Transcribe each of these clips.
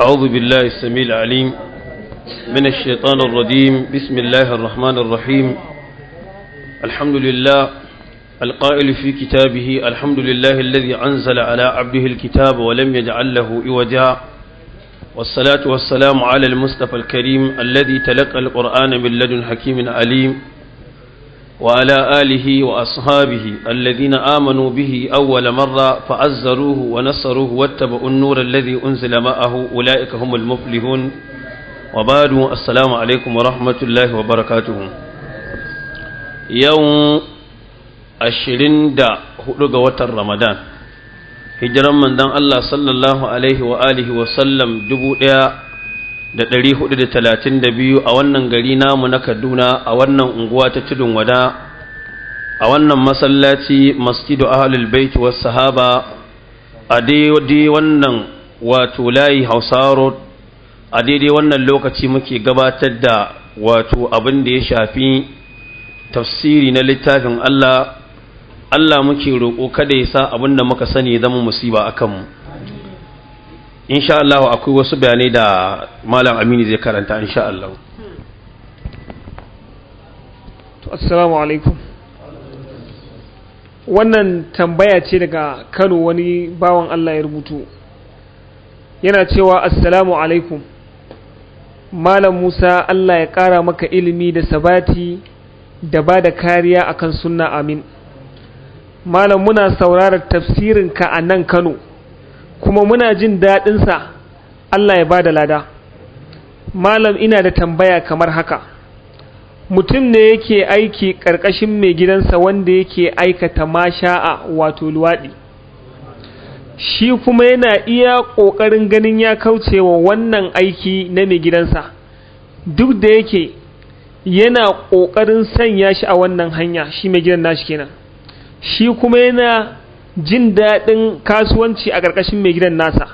أعوذ بالله السميع العليم من الشيطان الرجيم بسم الله الرحمن الرحيم الحمد لله القائل في كتابه الحمد لله الذي أنزل على عبده الكتاب ولم يجعل له إوجا والصلاة والسلام على المصطفى الكريم الذي تلقى القرآن من لدن حكيم عليم وعلى آله وأصحابه الذين آمنوا به أول مرة فعزروه ونصروه واتبعوا النور الذي أنزل معه أولئك هم المفلحون وبعد السلام عليكم ورحمة الله وبركاته يوم ashirin da hudu ga watan ramadan hijiran manzon Allah sallallahu alaihi wa alihi wa sallam dubu daya da ɗari hudu da talatin da biyu a wannan gari namu na kaduna a wannan unguwa ta tudun wada a wannan masallaci masjidu ahalul bait was sahaba a daidai wannan wato layi hausa road a daidai wannan lokaci muke gabatar da wato abin da ya shafi tafsiri na littafin allah allah muke roƙo kada ya sa abin da muka sani zama musiba a kanmu insha Allah akwai wasu bayanai da malam amini zai karanta insha Allah assalamu alaikum wannan tambaya ce daga kano wani bawan Allah ya rubutu yana cewa assalamu alaikum malam musa Allah ya ƙara maka ilimi da sabati da ba da kariya akan sunna amin malam muna saurarar tafsirinka a nan kano kuma muna jin daɗinsa Allah ya ba da lada malam ina da tambaya kamar haka mutum ne yake aiki ƙarƙashin mai gidansa wanda yake aikata masha'a wato luwaɗi shi kuma yana iya ƙoƙarin ganin ya kauce wa wannan aiki na mai gidansa duk da yake yana ƙoƙarin sanya shi a wannan hanya shi mai gidan nashi kenan shi kuma yana jin daɗin kasuwanci a ƙarƙashin mai gidan nasa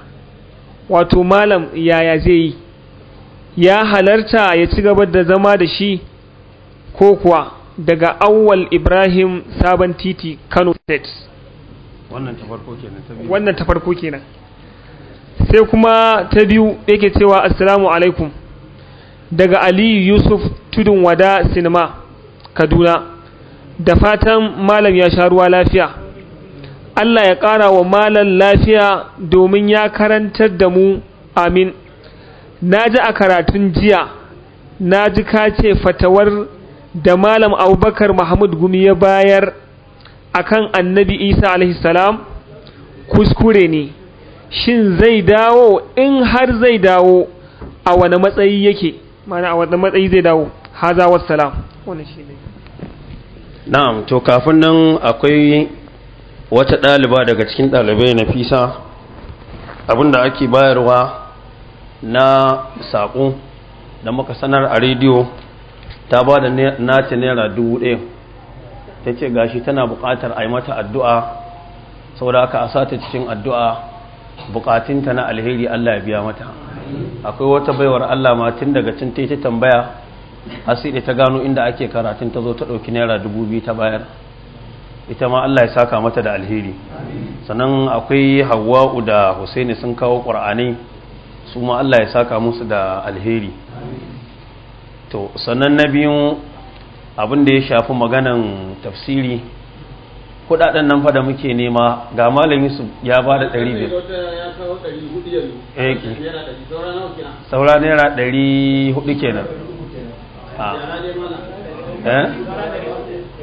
wato malam yaya zai yi ya halarta ya ci gaba da zama da shi ko kuwa daga awwal ibrahim sabon titi kano state wannan ta farko kenan sai kuma ta biyu yake cewa assalamu alaikum daga aliyu yusuf tudun wada sinima kaduna da fatan malam ya sha ruwa lafiya Allah ya ƙara wa malan lafiya domin ya karantar da mu amin na ji a karatun jiya na ji ka ce fatawar da malam abubakar muhammad gumi ya bayar akan annabi isa alaihissalam kuskure ne shin zai dawo in har zai dawo a wani matsayi yake mana a wani matsayi zai dawo haza salam wani shi ne na'am to kafin nan akwai wata ɗaliba daga cikin ɗalibai na fisa abinda ake bayarwa na saƙo da muka sanar a rediyo ta ba da nata naira dubu ɗaya ta ce gashi tana buƙatar a yi mata addu'a sau da aka a sata cikin addu'a buƙatunta na alheri Allah ya biya mata akwai wata baiwar Allah ma tun daga cin ta tambaya asiri ta gano inda ake karatun ta zo ta ɗauki naira dubu biyu ta bayar ita ma Allah ya saka mata da alheri sannan akwai hawa'u da husaini sun kawo ƙwar'ani su ma Allah ya saka musu da alheri to sannan na biyu abin da ya shafi maganan tafsiri kudaden nan fa da muke nema ga malam Yusuf ya ba da 500 eh, saura naira 400 kenan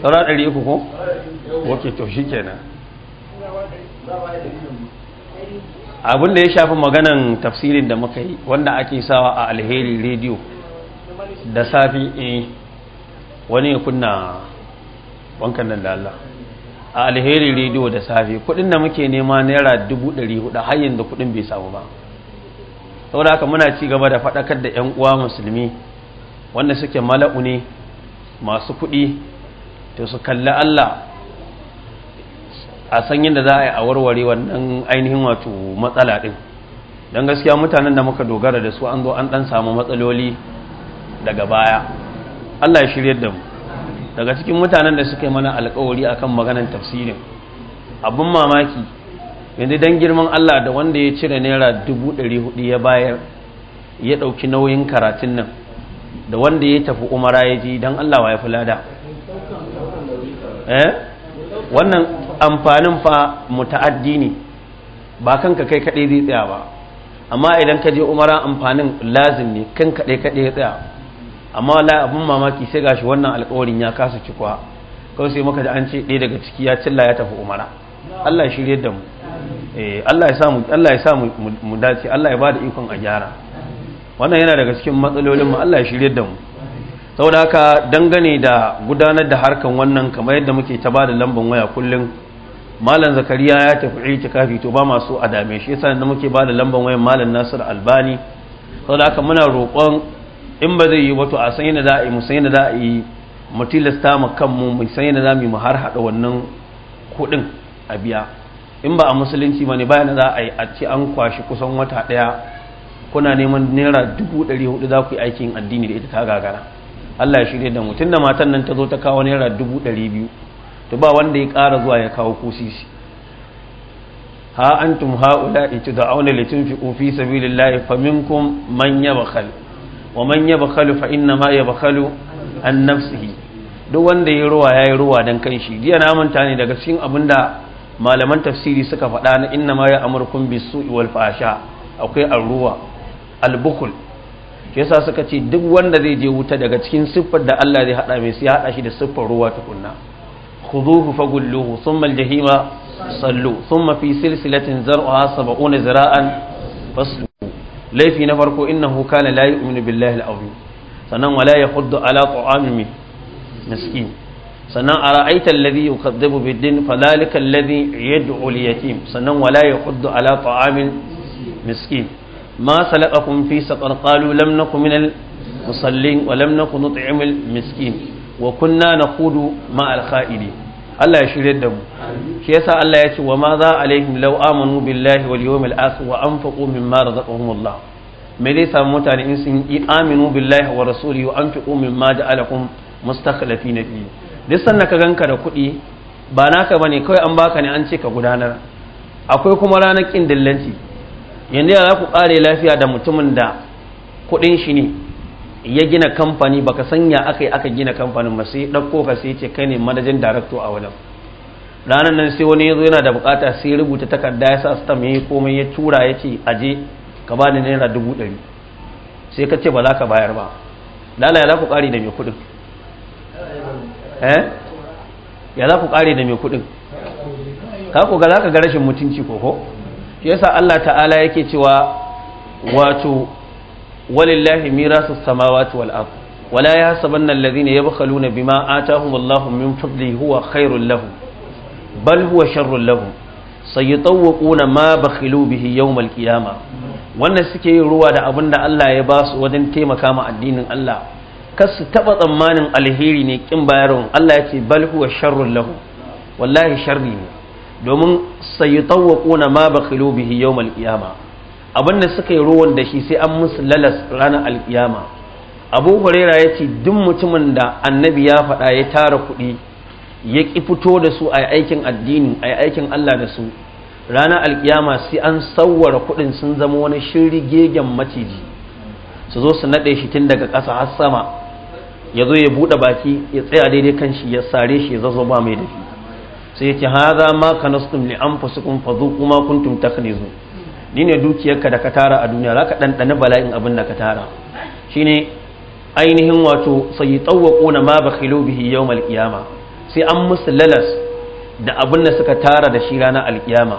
saura 300 ah. eh? ko ok to shi kenan abin da ya shafi maganan tafsirin da muka yi wanda ake sawa a alheri rediyo da safi eh wani ya kunna wankan nan da Allah a alheri rediyo da safi kudin da muke nema naira dubu ɗari hudu hanyar da kudin bai samu ba saboda haka muna ci gaba da faɗakar da 'yan uwa musulmi wanda suke mala'u ne masu kuɗi to su kalli Allah a san yadda za a yi a warware wannan ainihin wato matsala ɗin don gaskiya mutanen da muka dogara da su an zo an ɗan samu matsaloli daga baya allah ya shirya da mu daga cikin mutanen da suka yi mana alkawari kan maganan tafsirin abin mamaki yanzu don girman allah da wanda ya cire naira dubu ɗari hudu ya bayar ya ɗauki nauyin karatun nan da wanda ya tafi umara ya ji don allah wa ya fi lada eh? wannan amfanin fa muta'addi ne ba kanka kai kaɗai zai tsaya ba amma idan ka je umara amfanin lazim ne kan kaɗai kaɗai ya tsaya amma la abun mamaki sai gashi wannan alƙawarin ya kasa kwa kawai sai maka da an ce ɗaya daga ciki ya cilla ya tafi umara Allah ya shirye da mu eh, Allah ya samu Allah ya samu mu dace Allah ya bada ikon a gyara wannan yana daga cikin matsalolin mu Allah ya shirye da mu saboda haka dangane da gudanar da harkan wannan kamar yadda muke ta bada lambar waya kullum malam zakariya ya tafi kafi to ba masu a dame shi yasa da muke bada lambar wayan malam nasir albani saboda haka muna roƙon in ba zai yi wato a san yadda za a yi mu san yadda za a yi mu tilasta mu kanmu mu san yadda za mu yi mu har hada wannan kuɗin a biya in ba a musulunci ba ne bayan za a yi an kwashi kusan wata ɗaya kuna neman naira dubu ɗari hudu za ku yi aikin addini da ita ta gagara Allah ya shirye da mu da matan nan ta zo ta kawo naira dubu ɗari biyu to ba wanda ya ƙara zuwa ya kawo kusisi sisi ha antum haula auna litin fi sabilillahi faminkum man bakal wa man yabkhal fa inna ma yabkhalu an nafsihi duk wanda ya ruwa ya yi ruwa don kanshi jiya na manta ne daga cikin abin da malaman tafsiri suka faɗa na inna ma ya bis bisu iwal fasha akwai ar-ruwa shi yasa suka ce duk wanda zai je wuta daga cikin siffar da Allah zai hada mai sai hada shi da siffar ruwa tukunna khuduhu fagulluhu thumma aljahima sallu thumma fi silsilatin zar'uha sab'una zira'an faslu laifi na farko innahu kana la yu'minu billahi al-azim sannan wala yahuddu ala ta'amin miskin sannan ara'aita alladhi yukadhibu bid-din fadhalika alladhi yad'u al-yatim sannan wala yahuddu ala ta'amin miskin ما سلككم في سقر قالوا لم نكن من المصلين ولم نكن نطعم المسكين وكنا نخوض مع الخائدين الله يشهد دم شيء يسا الله يشهد وماذا عليهم لو آمنوا بالله واليوم الآخر وأنفقوا مما رزقهم الله me zai samu mutane in sun yi aminu billahi wa rasuli ma anfiqu mimma ja'alakum na biyu. duk sannan ka ganka da kuɗi ba naka ne kawai an baka ne an ce ka gudanar akwai kuma ranar kin dillanci yanzu za ku kare lafiya da mutumin da kuɗin shi ne ya gina kamfani baka sanya aka yi aka gina kamfanin ba sai ɗauko ka sai ce kai ne manajan darakto a wajen ranar nan sai wani ya zo yana da bukata sai rubuta takarda ya sa stam ya yi komai ya tura ya ce aje ka ba ni naira dubu ɗari sai ka ce ba za ka bayar ba lala ya za ku ƙari da mai kuɗin eh? ya za ku ƙari da mai kuɗin ka ku ga za ka ga rashin mutunci koko shi yasa Allah ta'ala yake cewa wato walillahi mirasu samawati wal ard wala yahsabanna alladhina yabkhaluna bima atahum Allahu min fadlihi huwa khairul lahum bal huwa sharrul lahum sayatawquna ma bakhilu bihi yawmal qiyamah wannan suke yin ruwa da abin da Allah ya ba su wajen taimaka ma addinin Allah kar su taba tsammanin alheri ne kin bayarwa Allah ya ce bal huwa sharrul lahum wallahi sharri ne domin sayutawwaquna ma bakhilu bihi yawm al-qiyama abin da suka yi ruwan da shi sai an musu lalas ranar al-qiyama Abu Huraira yace duk mutumin da annabi ya faɗa ya tara kuɗi ya ki fito da su a aikin addini a aikin Allah da su ranar alkiyama sai an sauwara kuɗin sun zama wani shiri gegen maciji su zo su naɗe shi tun daga ƙasa har sama ya zo ya buɗe baki ya tsaya daidai kan shi ya sare shi ya zazzoba mai dafi sai ya ce haza ma kanastum li anfusikum fadhuqu ma kuntum taknizun ni ne dukiyarka da ka tara a duniya zaka ɗanɗana bala'in abin da ka tara shine ainihin wato na ma bakilo bihi yawm alqiyama sai an musu lalas da abin da suka tara da shi ranar alkiyama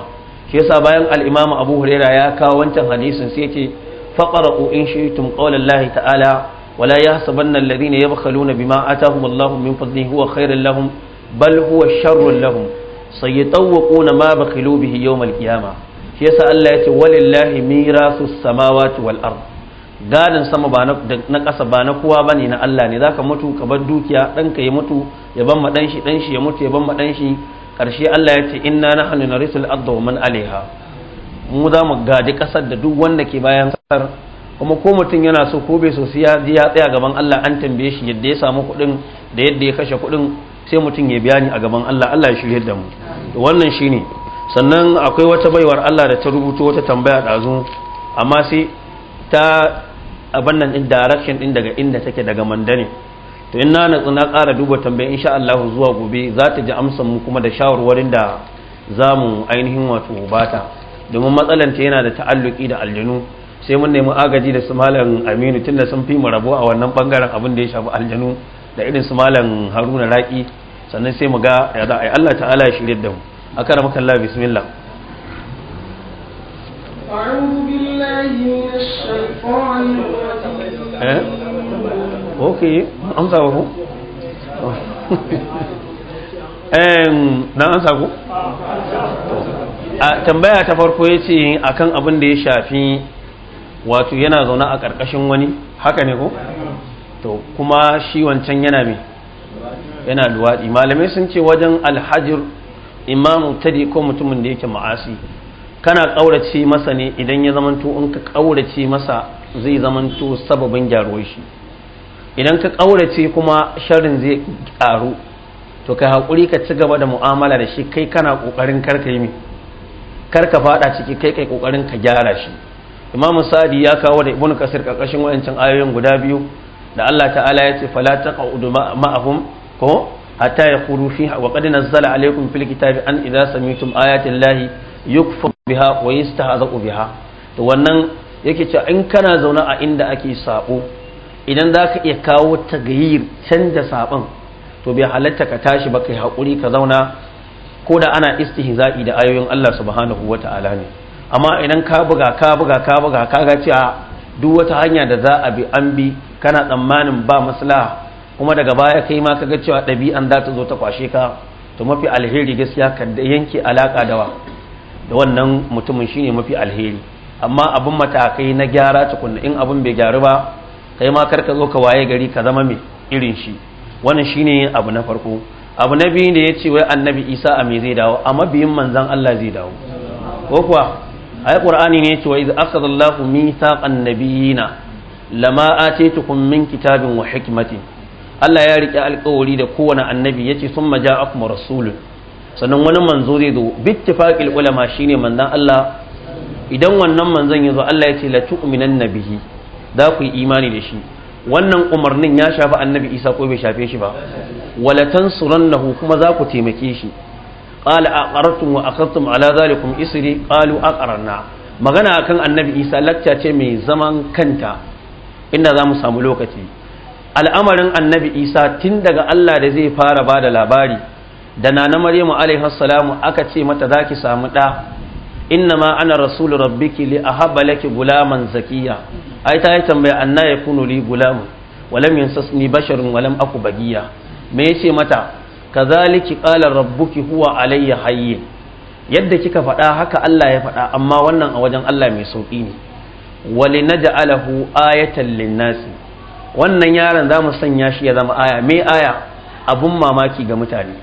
shi yasa bayan al Abu Huraira ya kawo wancan hadisin sai yace faqra'u in shi'tum qawla lahi ta'ala Wala ولا يحسبن الذين يبخلون a آتاهم الله min فضله هو خير لهم bal huwa sharrun lahum sayatawquna ma bakhilu bihi yawm al-qiyama shi yasa Allah ya yace walillahi mirasu samawati wal ard gadin sama ba na ƙasa ba na kowa bane na Allah ne zaka mutu ka bar dukiya dan ka ya mutu ya ban ma dan shi dan shi ya mutu ya ban ma dan shi karshe Allah yace inna nahnu narisul ard wa man alaiha mu za mu gadi ƙasar da duk wanda ke bayan kasar. kuma ko mutum yana so ko bai so sai ya tsaya gaban Allah an tambaye shi yadda ya samu kuɗin da yadda ya kashe kuɗin sai mutum ya bayani a gaban Allah Allah ya shirye da mu wannan shine sannan akwai wata baiwar Allah da ta rubuto wata tambaya dazu amma sai ta abannan nan din direction din daga inda take daga mandane to in na natsu na ƙara duba tambaya insha Allah zuwa gobe za ta ji amsan mu kuma da shawarwarin da za mu ainihin wato bata domin matsalan ta yana da ta'alluki da aljanu sai mun nemi agaji da su malam Aminu tunda sun fi mu rabo a wannan bangaren abin da ya shafi aljanu da irin su malam haruna raki sannan sai mu ga ya za a yi allah ta'ala ya shirya da mu a kara makalla bismillah eh ok an ba ku dan amsa ku a tambaya ta farko ya ce akan abin da ya shafi wato yana zaune a ƙarƙashin wani haka ne ko? to kuma shi wancan yana mai yana luwaɗi malamai sun ce wajen alhajir imamu tadi ko mutumin da yake ma'asi kana ƙaurace masa ne idan ya zamanto in ka ƙaurace masa zai zamanto sababin gyaruwar shi idan ka ƙaurace kuma sharin zai ƙaru to kai haƙuri ka ci gaba da mu'amala da shi kai kana ƙoƙarin karka yi karka faɗa ciki kai kai ƙoƙarin ka gyara shi imamu Sadi ya kawo da ibnu kasir ƙarƙashin wayancin ayoyin guda biyu da Allah ta'ala ya ce fala taqudu ma'ahum ko hatta yaqulu fiha wa qad nazzala alaykum fil kitabi an idza sami'tum ayati llahi yukfar biha wa yastahza'u biha to wannan yake cewa in kana zauna a inda ake sabo idan za ka iya kawo tagayir canza sabon to bai halatta ka tashi ba kai hakuri ka zauna ko da ana istihza'i da ayoyin Allah subhanahu ta'ala ne amma idan ka buga ka buga ka buga ka ga cewa duk wata hanya da za a bi an bi kana tsammanin ba maslaha kuma daga baya kai ma kaga cewa ɗabi'an za ta zo ta kwashe ka to mafi alheri gaskiya ka yanke alaka da wa da wannan mutumin shine mafi alheri amma abin matakai na gyara tukunna in abin bai gyaru ba kai ma kar ka zo ka waye gari ka zama mai irin shi wannan shine abu na farko abu na biyu da ya ce wai annabi isa a me zai dawo a mabiyin manzan allah zai dawo ko kuwa yi qur'ani ne ya ce wa iz akhadha allahu nabiyina lama'a ce min kitabin wa hikmatin Allah ya rike alƙawari da kowane annabi yace summa ja'akum rasulun sannan wani manzo zai zo bittifaqil ulama shine manzon Allah idan wannan manzon yazo Allah yace la tu'minan nabihi za ku yi imani da shi wannan umarnin ya shafi annabi Isa ko bai shafe shi ba wala tansurannahu kuma za ku taimake shi qala aqartum wa aqartum ala zalikum isri qalu aqarna magana akan annabi Isa lacca ce mai zaman kanta inda za mu samu lokaci al'amarin annabi isa tun daga allah da zai fara ba da labari da nana maryamu alaihi salamu aka ce mata za ki samu ɗa inna ma ana rasul rabbiki li ahabba laki gulaman zakiya ai ta yi tambaya anna yakunu li gulaman walam yansasni basharun walam aku bagiya me yace mata kazaliki qala rabbuki huwa alayya hayyin yadda kika faɗa haka Allah ya faɗa amma wannan a wajen Allah mai sauƙi ne wali alahu ayatan linnasi wannan yaron zamu sanya shi ya zama aya mai aya abun mamaki ga mutane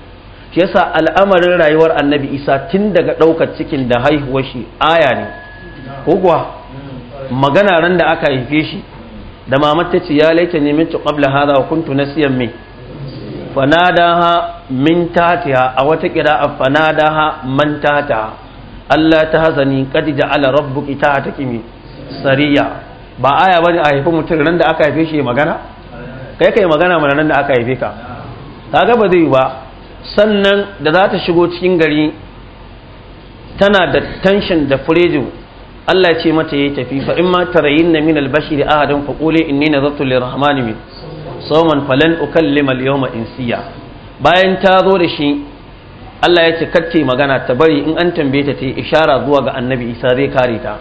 shi yasa al'amarin rayuwar annabi isa tun daga ɗaukar cikin da haihuwar shi aya ne ko kuwa magana ran da aka haife shi da mamat ta ce ya laita ne mintu qabla hada wa kuntu nasiyan min fanadaha min tatiha a wata qira'a fanadaha man Allah ta hazani kadija ala rabbuki ta kimi. sariya ba aya bane a haifi mutum nan da aka haife shi magana kai kai magana mana nan da aka haife ka kaga ba zai ba sannan da za ta shigo cikin gari tana da tension da furejo Allah ya ce mata yayi tafi fa in ma tarayin min al-bashir ahadan fa quli inni nazartu lirrahmani min sawman falan ukallima al-yawma insiya bayan ta zo da shi Allah ya ce kacce magana ta bari in an tambaye ta ta yi ishara zuwa ga annabi isa zai kare ta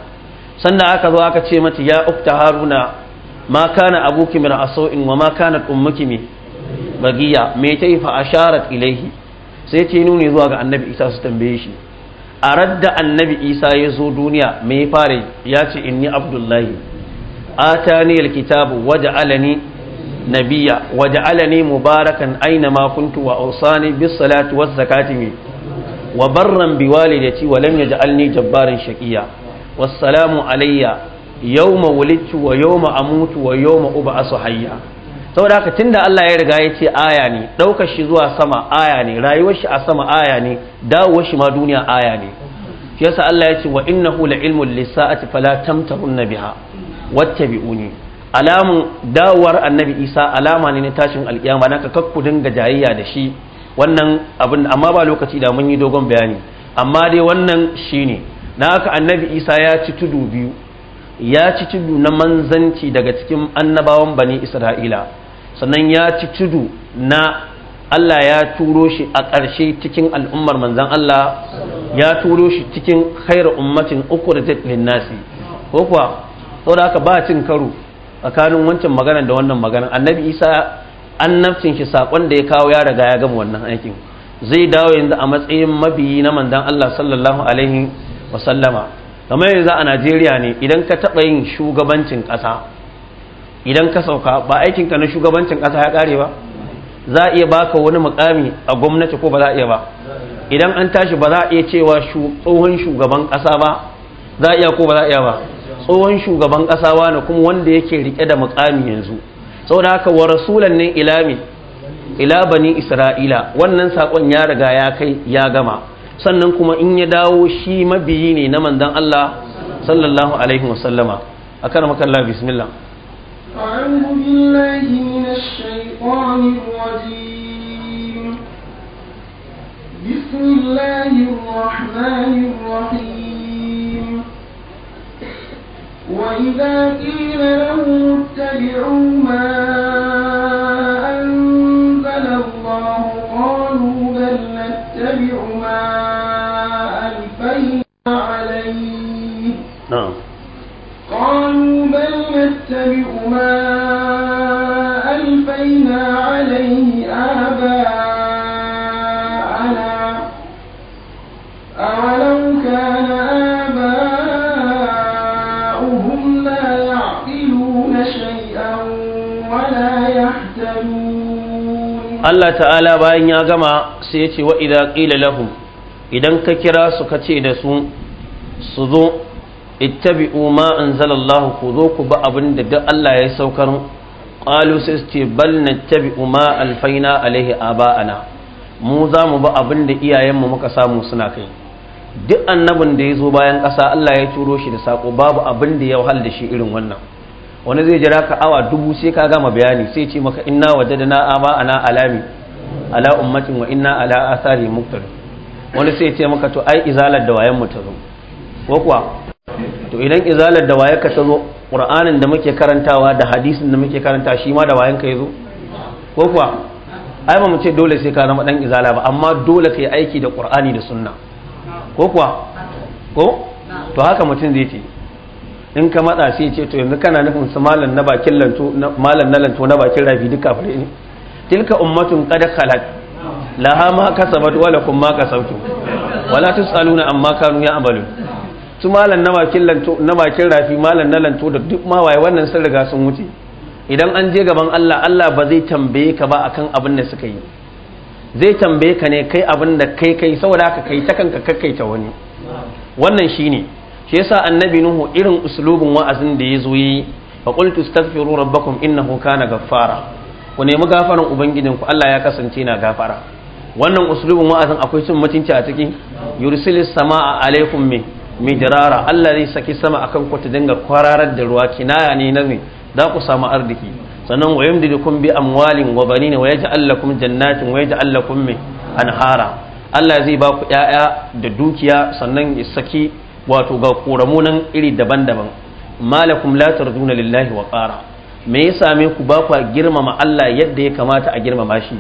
sannan aka zo aka ce mata ya ukta haruna ma kana abuki min asau'in wa ma kanat ummuki mi bagiya me ta yi fa asharat ilaihi sai ta nuni zuwa ga annabi isa su tambaye shi a radda annabi isa ya zo duniya me ya fara ya ce inni abdullahi atani alkitabu waja'alani nabiyya waja'alani mubarakan aina ma kuntu wa awsani bis salati waz zakati wa barran biwalidati wa lam yaj'alni jabbaran shaqiya wassalamu alayya yawma wulidtu wa yawma amutu wa yawma ub'asu hayya saboda haka tunda Allah ya riga ya ce aya ne daukar shi zuwa sama aya ne rayuwar shi a sama aya ne dawowar shi ma duniya aya ne shi yasa Allah ya ce wa innahu la ilmun lisaati fala tamtahun biha wattabi'uni alamun dawowar annabi Isa alama ne na tashin alkiyama naka kakku dinga jayayya da shi wannan abin amma ba lokaci da mun yi dogon bayani amma dai wannan shine na haka annabi isa ya ci tudu biyu ya ci tudu na manzanci daga cikin annabawan bani isra'ila sannan ya ci tudu na Allah ya turo shi a ƙarshe cikin al'ummar manzan Allah ya turo shi cikin khairu ummatin uku da tattalin nasi ko kuwa da aka ba cin karo tsakanin wancan maganar da wannan maganar annabi isa annabcin shi saƙon da ya kawo ya riga ya gama wannan aikin zai dawo yanzu a matsayin mabiyi na manzan Allah sallallahu alaihi wasallama kamar yanzu a najeriya ne idan ka taɓa yin shugabancin ƙasa idan ka sauka ba aikinka na shugabancin ƙasa ya ƙare ba za a iya baka wani mukami a gwamnati ko ba za a iya ba idan an tashi ba za a iya cewa tsohon shugaban ƙasa ba za a iya ko ba za a iya ba tsohon shugaban ƙasa ba ne kuma wanda yake rike da mukami yanzu saboda haka wa rasulan ne ila bani isra'ila wannan saƙon ya riga ya kai ya gama sannan kuma in ya dawo shi mabiyi ne na manzon Allah sallallahu alaihi wasallama akan makalla bismillah أعوذ بالله من الشيطان الرجيم بسم الله الرحمن الرحيم وإذا قيل اتبعوا ما A mamban lantarki uba, Al-Faɛna Alayhi na, ba Allah Ta'ala bayan ya gama su ya ce wa'ida ƙilallahu, idan ka kira su ka da su su zo. ittabi'u ma anzalallahu ku zo ku ba abin da duk Allah ya saukar qalu sai su ce bal nattabi'u ma alfaina alaihi aba'ana mu za mu ba abin da iyayenmu muka samu suna kai duk annabin da ya zo bayan kasa Allah ya turo shi da sako babu abin da ya wahal da shi irin wannan wani zai jira ka awa dubu sai ka gama bayani sai ce maka inna wajadna aba'ana alami ala ummatin wa inna ala athari muqtar wani sai ce maka to ai izalar da wayan mu ta zo ko kuwa to idan izalar da wayarka ta zo ƙur'anin da muke karantawa da hadisin da muke karanta shi ma da wayanka ya zo ko kuwa ai ba mu ce dole sai ka zama dan izala ba amma dole ka yi aiki da ƙur'ani da sunna ko kuwa ko to haka mutum zai ce in ka matsa sai ce to yanzu kana nufin su malam na bakin lanto malam na lanto na bakin rafi duka fure ne tilka ummatun qad khalat laha ma kasabat wa lakum ma kasabtum wala tusaluna amma kanu ya'malun su malan na bakin rafi malan na lanto da duk mawaye wannan sun riga sun wuce idan an je gaban Allah Allah ba zai tambaye ka ba akan abin da suka yi zai tambaye ka ne kai abin da kai kai saboda haka kai ta kanka kakkaita wani wannan shine shi yasa annabi nuhu irin uslubin wa'azin da ya zo yi fa qultu astaghfiru rabbakum innahu kana ghaffara ku nemi gafaran ubangijinku Allah ya kasance na gafara wannan uslubin wa'azin akwai cin mutunci a cikin yursilis samaa alaikum min mijirara Allah zai saki sama akan ku ta dinga kwararar da ruwa kinaya ne nan za ku samu arziki sannan wa kun bi amwalin wa banina wa yaj'al lakum jannatin wa yaj'al lakum min anhara Allah zai ba ku ƴaƴa da dukiya sannan ya saki wato ga nan iri daban-daban malakum la tarduna lillahi wa qara me ya same ku ba ku girmama Allah yadda ya kamata a girmama shi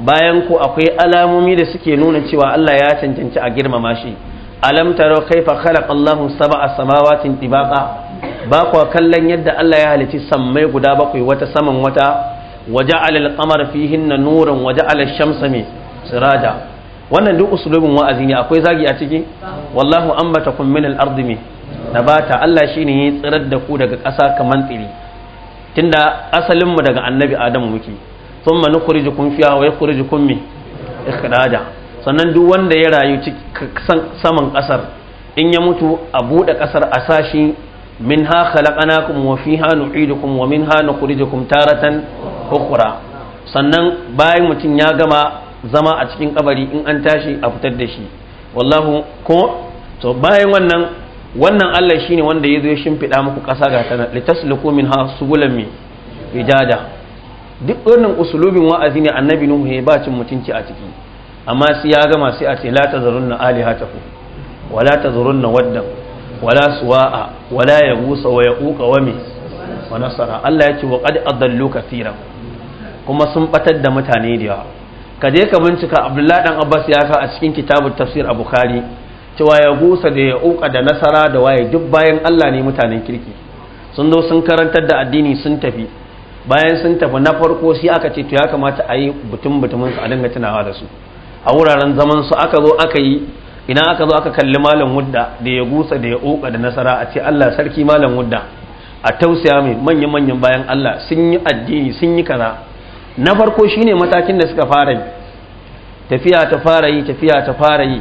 bayan ku akwai alamomi da suke nuna cewa Allah ya cancanci a girmama shi alam taro kaifa khalaq Allah sab'a samawatin tibaqa ba kwa kallon yadda Allah ya halici sammai guda bakwai wata saman wata waja'al al qamar fihinna nuran waja'al ash-shamsa siraja wannan duk usulubin wa'azi ne akwai zagi a ciki wallahu ambatakum min al-ardi mi nabata Allah shine ya tsirar da ku daga ƙasa kaman tsiri tunda asalin mu daga annabi Adamu muke thumma nukhrijukum fiha wa yukhrijukum mi ikhraja sannan duk wanda ya rayu saman ƙasar in ya mutu a buɗe ƙasar a sashi min ha khalaqanakum wa fiha nu'idukum wa minha nukhrijukum taratan ukhra sannan bayan mutum ya gama zama a cikin kabari in an tashi a fitar da shi wallahu ko to bayan wannan wannan Allah shine wanda ya zo ya shimfida muku ƙasa ga tana litasluku minha subulan mi ijada duk wannan usulubin wa'azi ne annabi nuhu ya cin mutunci a ciki amma sai ya gama sai a ce la tazurunna ku wala tazurunna waddan wala suwa'a wala ya gusa wa yaquqa wa mis wa nasara Allah ya ce wa qad adallu kathiran kuma sun batar da mutane da yawa ka je ka bincika Abdullahi dan Abbas ya ka a cikin kitabut tafsir a Bukhari cewa ya gusa da ya uka da nasara da waye duk bayan Allah ne mutanen kirki sun zo sun karantar da addini sun tafi bayan sun tafi na farko sai aka ce to ya kamata a yi butun butumin a dinga tunawa da su a wuraren zaman su aka zo aka yi ina aka zo aka kalli malam wudda da ya gusa da ya oka da nasara a ce Allah sarki malam wudda a tausaya mai manya manyan bayan Allah sun yi addini sun yi kaza na farko shine matakin da suka fara yi tafiya ta fara yi tafiya ta fara yi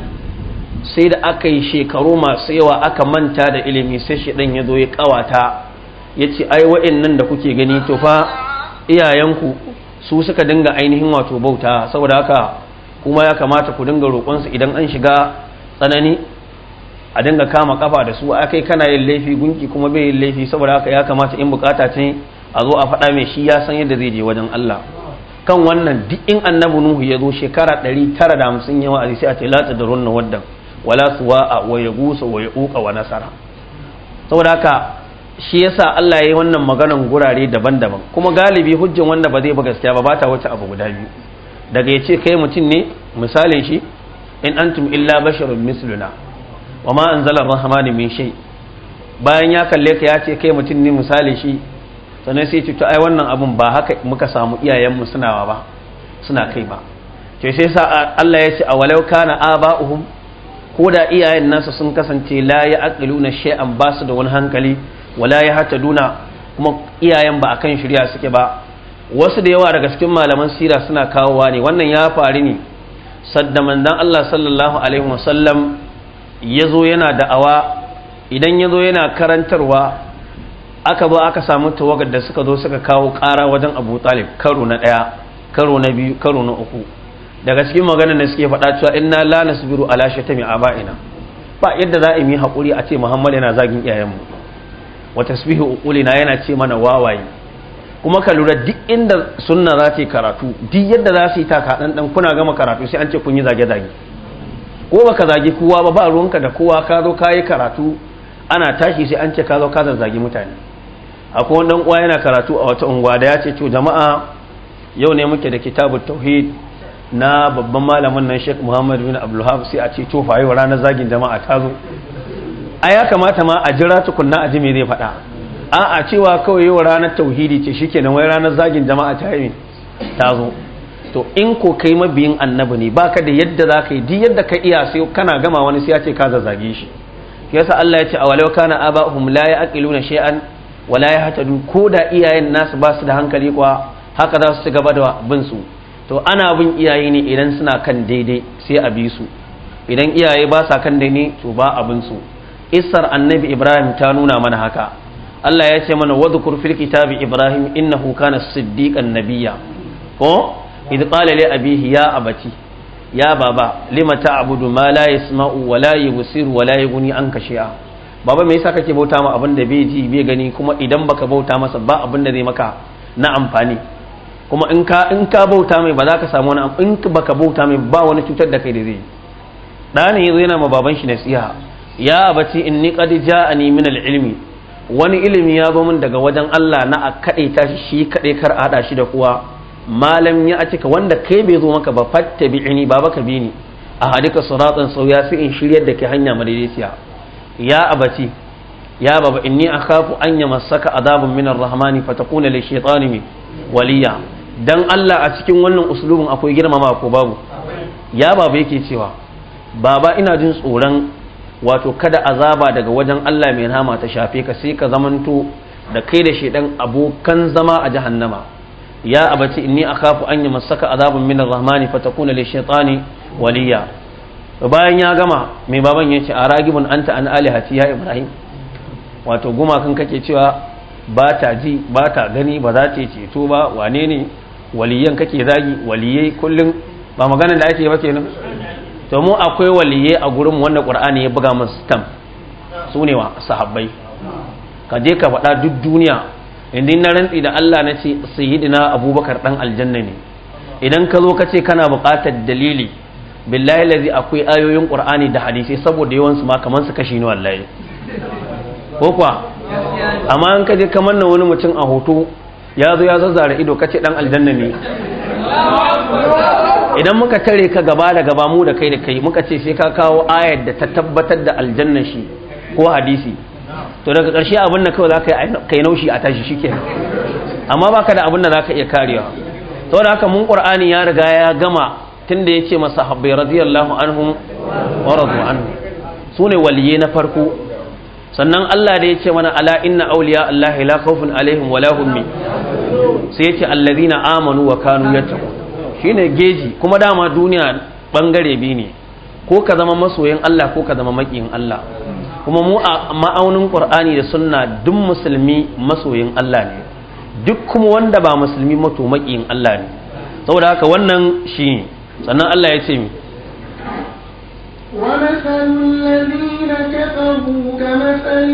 sai da aka yi shekaru masu yawa aka manta da ilimi sai shi dan ya zo ya kawata ya ce ai wa'annan da kuke gani to fa iyayenku su suka dinga ainihin wato bauta saboda haka kuma ya kamata ku dinga roƙonsu idan an shiga tsanani a dinga kama kafa da su akai kana yin laifi gunki kuma bai yin laifi saboda haka ya kamata in bukata ce a zo a faɗa mai shi ya san yadda zai je wajen Allah kan wannan duk in annabi nuhu ya zo shekara 950 yawa a sai a ce latsa da runna waddan wala a wa wa yaquqa wa nasara saboda haka shi yasa Allah ya yi wannan maganan gurare daban-daban kuma galibi hujjan wanda ba zai ba gaskiya ba ba ta wuce abu guda biyu daga ya ce kai mutum ne misalin shi in antum illa basharun misluna wa ma anzala rahmani min shai bayan ya kalle ka ya ce kai mutum ne misalin shi sannan sai cuta ai wannan abun ba haka muka samu iyayenmu mu suna ba suna kai ba to sai sa Allah ya ce awalau kana aba'uhum ko da iyayen nasu sun kasance la ya aqiluna shay'an ba su da wani hankali wala ya hataduna kuma iyayen ba akan shirya suke ba wasu da yawa daga cikin malaman sira suna kawowa ne wannan ya faru ne saddaman dan Allah sallallahu alaihi wasallam ya zo yana da'awa idan ya zo yana karantarwa aka zo aka samu tawagar da suka zo suka kawo ƙara wajen abu talib karo na ɗaya karo na biyu karo na uku daga cikin maganar da suke faɗa cewa inna la nasbiru ala shatami aba'ina ba yadda za a yi hakuri a ce muhammad yana zagin iyayenmu wa tasbihu uqulina yana ce mana wawaye kuma ka lura duk inda sunna za ta yi karatu duk yadda za su yi taka ɗan kuna gama karatu sai an ce kun yi zage-zage ko ba ka zage kowa ba ba ruwanka da kowa ka zo ka yi karatu ana tashi sai an ce ka zo ka zazzage mutane akwai wani uwa yana karatu a wata unguwa da ya ce co jama'a yau ne muke da kitabu tauhid na babban malamin nan Sheikh Muhammad bin Abdulhab sai a ce to fa yau ranar zagin jama'a ta zo a ya kamata ma a jira tukunna a ji me zai faɗa a'a cewa kawai yau ranar tauhidi ce shi nan wai ranar zagin jama'a ta yi ta zo to in ko kai mabiyin annabi ne baka da yadda za ka yi duk yadda ka iya sai kana gama wani sai ya ce ka zazzage shi yasa Allah ya ce a walau kana abahum la yaqiluna shay'an wa la yahtadu ko da iyayen nasu ba su da hankali kuwa haka za su ci gaba da bin su to ana bin iyaye ne idan suna kan daidai sai a bi su idan iyaye ba sa kan daidai to ba a bin su isar annabi Ibrahim ta nuna mana haka Allah ya ce mana wadhkur fil kitabi Ibrahim innahu kana siddiqan nabiyya ko idh qala li abihi ya abati ya baba lima ta'budu ma la yasma'u wa la yubsiru wa la yughni anka shay'a baba me yasa kake bauta ma abin da bai ji bai gani kuma idan baka bauta masa ba abin da zai maka na amfani kuma in ka in ka bauta mai ba za ka samu wani in baka bauta mai ba wani cutar da kai da zai da ne yanzu yana ma baban shi nasiha ya abati inni qad ja'ani min al-ilmi wani ilimi ya zo min daga wajen Allah na a kaɗe ta shi kaɗai kar a haɗa shi da kuwa malam ya a cika wanda kai bai zo maka ba fatta bi'ini ba baka bi ni a hadika siratan sauya sai in shiryar da ke hanya madaidaiciya ya abati ya baba inni akhafu an yamassaka saka min ar-rahmani fatakuna li shaytani waliya dan Allah a cikin wannan uslubin akwai girmama ko babu ya baba yake cewa baba ina jin tsoron wato kada azaba daga wajen Allah mai rahama ta shafe ka sai ka zamanto da kai da shedan abokan zama a jahannama ya abati inni akhafu an yamassaka azabun min ar-rahmani fatakuna li shaytani waliya bayan ya gama mai baban yace aragibun anta an alihati ya ibrahim wato gumakan kake cewa ba ta ji ba ta gani ba za ta ceto ba wane ne waliyan kake zagi waliyai kullum ba magana da ake ba kenan to mu akwai waliye a gurin wanda qur'ani ya buga musu tam su wa sahabbai ka je ka faɗa duk duniya indin na rantsi da Allah na ce sayyidina abubakar dan aljanna ne idan ka zo ka ce kana buƙatar dalili billahi lazi akwai ayoyin qur'ani da hadisi saboda yawan su ma kaman su kashi ne wallahi ko kwa amma an ka je kaman nan wani mutum a hoto ya zo ya zazzara ido kace dan aljanna ne idan muka tare ka gaba da gaba mu da kai da kai muka ce sai ka kawo ayar da ta tabbatar da aljannan shi ko hadisi to daga ƙarshe abin da kawai za ka yi naushi a tashi shi amma ba ka da abin da za ka iya karewa da haka mun ƙur'ani ya riga ya gama tun da ya ce masa habbai radiyallahu anhu wa radu anhu su ne waliye na farko sannan Allah da ya ce mana ala inna auliya Allah la khawfun alaihim wa lahum min sai ya ce allazina amanu wa kanu yattaqun shine geji kuma dama duniya bangare biyu ne ko ka zama masoyin Allah ko ka zama makiyin Allah kuma mu a ma'aunin Qur'ani da sunna duk musulmi masoyin Allah ne duk kuma wanda ba musulmi mato makiyin Allah ne saboda haka wannan shi sannan Allah ya ce mi ومثل الذين كفروا كمثل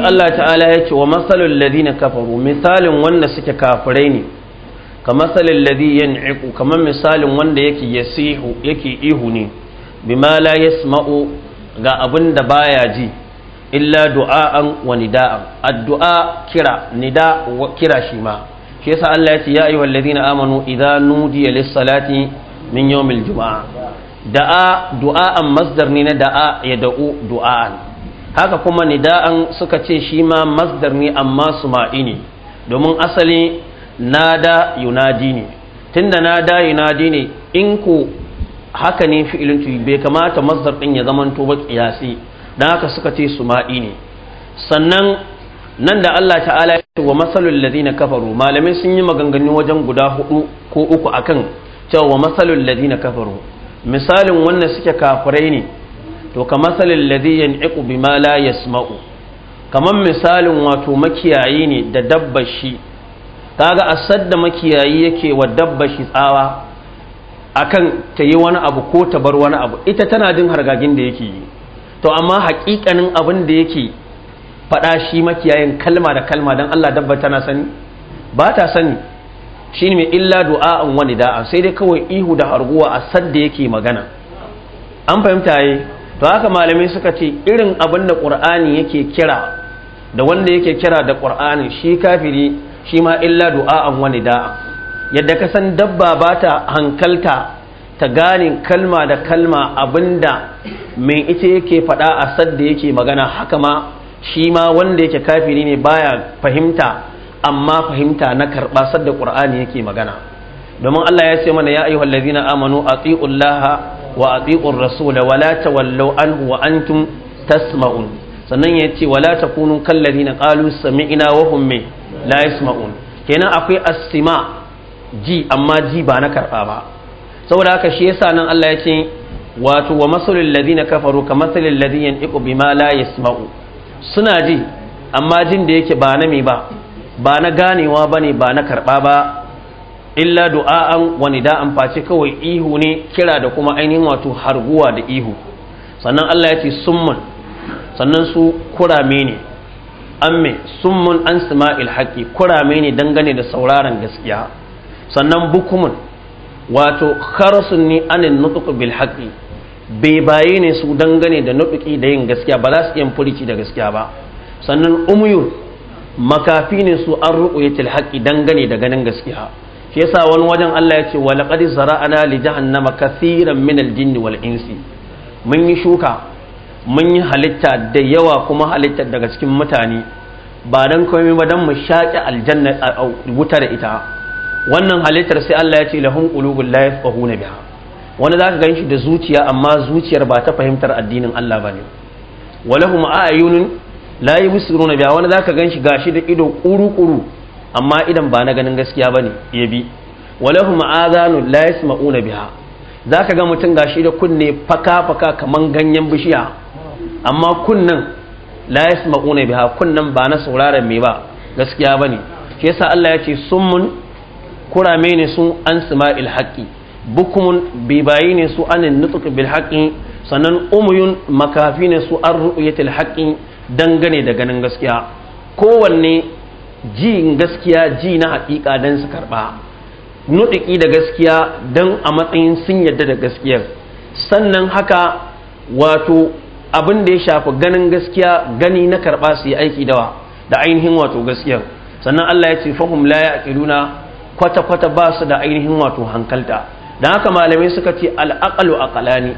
sai Allah ta'ala ya ce wa masalul ladina kafaru misalin wanda suke kafirai ne ka Ladi ladhi yan'iqu kamar misalin wanda yake yasihu yake ihu ne bima la yasma'u ga abin da baya ji illa du'a'an wa nida'an addu'a kira nida wa kira shi ma shi yasa Allah ya ce ya ayyuhal ladina amanu idza nudiya lis-salati min yawmil jumu'a da'a du'a'an masdar ne na da'a ya da'u du'a'an haka kuma nida'an suka ce shi ma masdar ne amma suma'i ne domin asali nada yunadi ne tunda nada yunadi ne in ku haka ne fi'ilin tu bai kamata masdar din ya zama to ba kiyasi dan haka suka ce suma'i ne sannan nan da Allah ta'ala ya ce wa masalul ladina kafaru malamai sun yi maganganu wajen guda hudu ko uku akan cewa wa masalul ladina kafaru misalin wannan suke kafirai ne to ka masalin iku bi ma la yasma'u kamar misalin wato makiyayi ne da dabbar shi kaga asad da makiyayi yake wa dabbar shi tsawa akan ta yi wani abu ko ta bar wani abu ita tana jin hargagin da yake yi to amma hakikanin abin da yake faɗa shi makiyayin kalma da kalma don Allah dabba tana sani ba ta sani shi ne illa du'a'an wani da'a sai dai kawai ihu da harguwa a sadda yake magana an fahimta yi eh? to haka malamai suka ce irin abin da qur'ani yake kira da wanda yake kira da qur'ani shi kafiri shi ma illa du'a'an wani da. yadda ka san dabba ba ta hankalta ta gane kalma da kalma abinda mai ita yake faɗa a sadda yake magana haka ma shi ma wanda yake kafiri ne baya fahimta amma fahimta na karɓa sadda ƙur'ani yake magana domin Allah ya ce mana ya ayyuhallazina amanu atiullaha wa atiqur rasul wa la tawallu anhu wa antum sannan ya ce wala takunu kallazina qalu sami'na wa hum la yasma'un kenan akwai as ji amma ji ba na karɓa ba saboda haka shi yasa nan Allah ya ce wato wa masalul ladina kafaru ka masalul ladhi yanqu bima la yasma'u suna ji amma jin da yake ba na me ba ba na ganewa bane ba na karɓa ba illa du'a'an wa nida'an face kawai ihu ne kira da kuma ainihin wato harguwa da ihu sannan Allah ya ce summun sannan su kurame ne amme summun an sima'il haƙi kurame ne dangane da sauraron gaskiya sannan bukumun wato kharsun ne anin nutuq bil haƙi bai baye ne su dangane da nutuki da yin gaskiya ba za su iya furici da gaskiya ba sannan umuyun makafi ne su an ruƙuyatul haƙi dangane da ganin gaskiya shi yasa wani wajen Allah ya ce wa laqad zara'ana li jahannama kathiran min al jinn wal insi mun yi shuka mun yi halitta da yawa kuma halitta daga cikin mutane ba dan komai ba dan mu shaƙi aljanna wuta da ita wannan halittar sai Allah ya ce lahum qulubul la yafqahuna biha wani zaka gan shi da zuciya amma zuciyar ba ta fahimtar addinin Allah bane wa lahum a'yunun la yusiruna biha wani zaka gan shi gashi da ido kuru-kuru amma idan ba na ganin gaskiya ba ne ya bi walahu ma'azanu la yasma'una biha zaka ga mutum gashi da kunne faka faka kaman ganyen bishiya amma kunnan la yasma'una biha kunnan ba na sauraron me ba gaskiya ba ne shi yasa Allah ya ce summun kurame ne su an sama'il haqqi bukumun bibayi ne su an nutq bil haqqi sannan umuyun makafi ne su an ru'yatil haqqi dangane da ganin gaskiya kowanne ji gaskiya ji na hakika don su karɓa nuɗiki da gaskiya don a matsayin sun yadda da gaskiyar sannan haka wato abin da ya shafi ganin gaskiya gani na karɓa su yi aiki dawa da ainihin wato gaskiyar sannan Allah ya ce fahim la ya kwata-kwata ba su da ainihin wato hankalta don haka malamai suka ce a akalani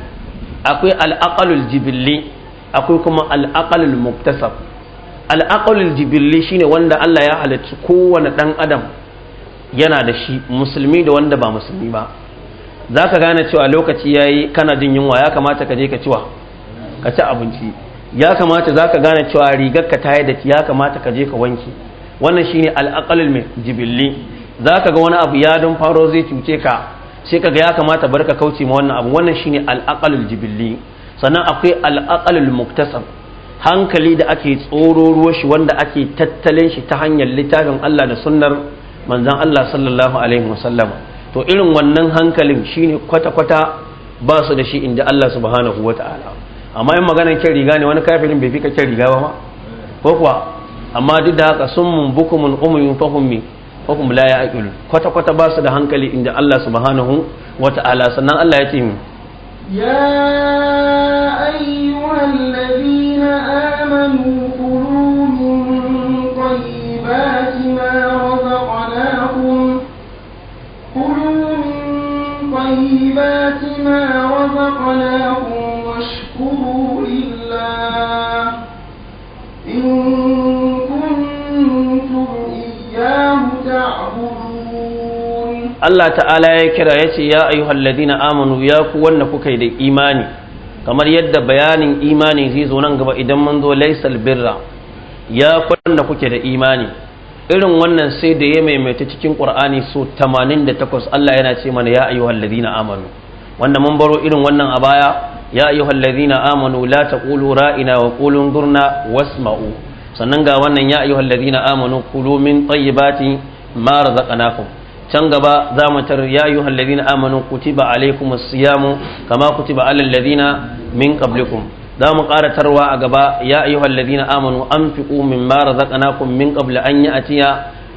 akwai al'akalul jibilli akwai kuma al'akalul muktasab al'aqalul jibirli shine wanda Allah ya halarci kowane dan adam yana da shi musulmi da wanda ba musulmi ba za ka gane cewa lokaci ya yi kana jin yunwa ya kamata ka je ka ciwa ka ci abinci ya kamata za ka gane cewa rigar ka tayi da ya kamata ka je ka wanke wannan shine al'aqalul mai jibilli za ka ga wani abu ya don faro zai cuce ka sai ka ga ya kamata bar ka kauce ma wannan abu wannan shine al'aqalul jibilli sannan akwai al'aqalul muktasab hankali da ake tsoro shi wanda ake tattalin shi ta hanyar littafin Allah da sunnar manzan Allah sallallahu alaihi wasallam to irin wannan hankalin shine kwata-kwata ba su da shi inda Allah subhanahu wa ta'ala amma in maganar kyan riga ne wani kafirin bai fi kyan riga ba ko kuwa amma duk da haka sun mun buku bukumun umurin fahimmi hukum la ya aqilu kwata-kwata ba su da hankali inda Allah subhanahu wa ta'ala sannan Allah ya ce min ya ayyuhal ladina Allah ta'ala ya kira ya ce ya na ladina amanu ya ku wanda kuka da imani kamar yadda bayanin imani zai zo nan gaba idan mun zo laisal birra ya da kuke da imani irin wannan sai da ya maimaita cikin qur'ani so 88 Allah yana ce mana ya ayyuhal ladina amanu wanda mun baro irin wannan a baya ya ayyuhal ladina amanu la taqulu ra'ina wa qulu durna wasma'u sannan ga wannan ya ayyuhal ladina amanu kulu min tayyibati ma razaqnakum can gaba za mu tar ya ayyuhal ladina amanu kutiba alaikumus siyamu kama kutiba alal ladina min qablikum za mu ƙara tarwa a gaba ya ayyuhal ladina amanu anfiqu mimma razaqnakum min qabli an ya'tiya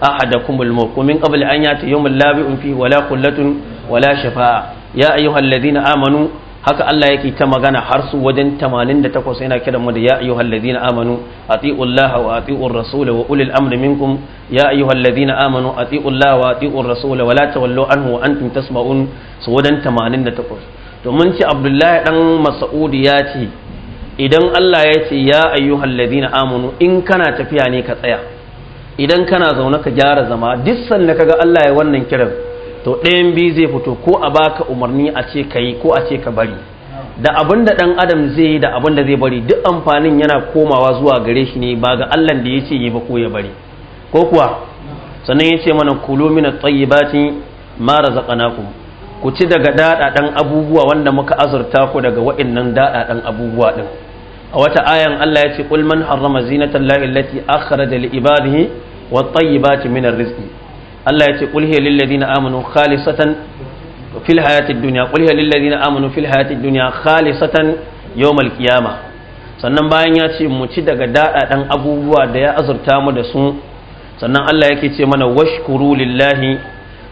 ahadakumul maut min qabli an atiya yawmul la bi'un fi wala qullatun wala shafa'a ya ayyuhal ladina amanu haka Allah yake ta magana har su wajen 88 yana kiran mu da ya ayyuhal ladina amanu atiullaha wa atiur rasul wa ulil amri minkum ya ayyuhal ladina amanu atiullaha wa atiur rasul wa la tawallu anhu wa antum tasma'un su wajen 88 to mun ci Abdullahi dan Mas'ud ya ce idan Allah ya ce ya ayyuhal ladina amanu in kana tafiya ne ka tsaya idan kana zaune ka gyara zama duk sanda kaga Allah ya wannan kiran to ɗayan biyu zai fito ko a baka umarni a ce ka yi ko a ce ka bari da abin da ɗan adam zai yi da abin da zai bari duk amfanin yana komawa zuwa gare shi ne ba ga allah da ya ce yi ba ko ya bari ko kuwa sannan ya ce mana kulo mina tsayyibati mara zaƙana ku ci daga daɗaɗan abubuwa wanda muka azurta ku daga waɗannan daɗaɗan abubuwa ɗin a wata ayan Allah ya ce ƙulman harrama zinatan lahi allati akhraja li ibadihi wat rizqi Allah ya ce qul hiya lil ladina amanu khalisatan fil hayati dunya qul hiya lil ladina amanu fil hayati dunya khalisatan yawmal qiyamah sannan bayan ya ce mu ci daga ɗan abubuwa da ya azurta mu da su sannan Allah yake ce mana washkuru lillahi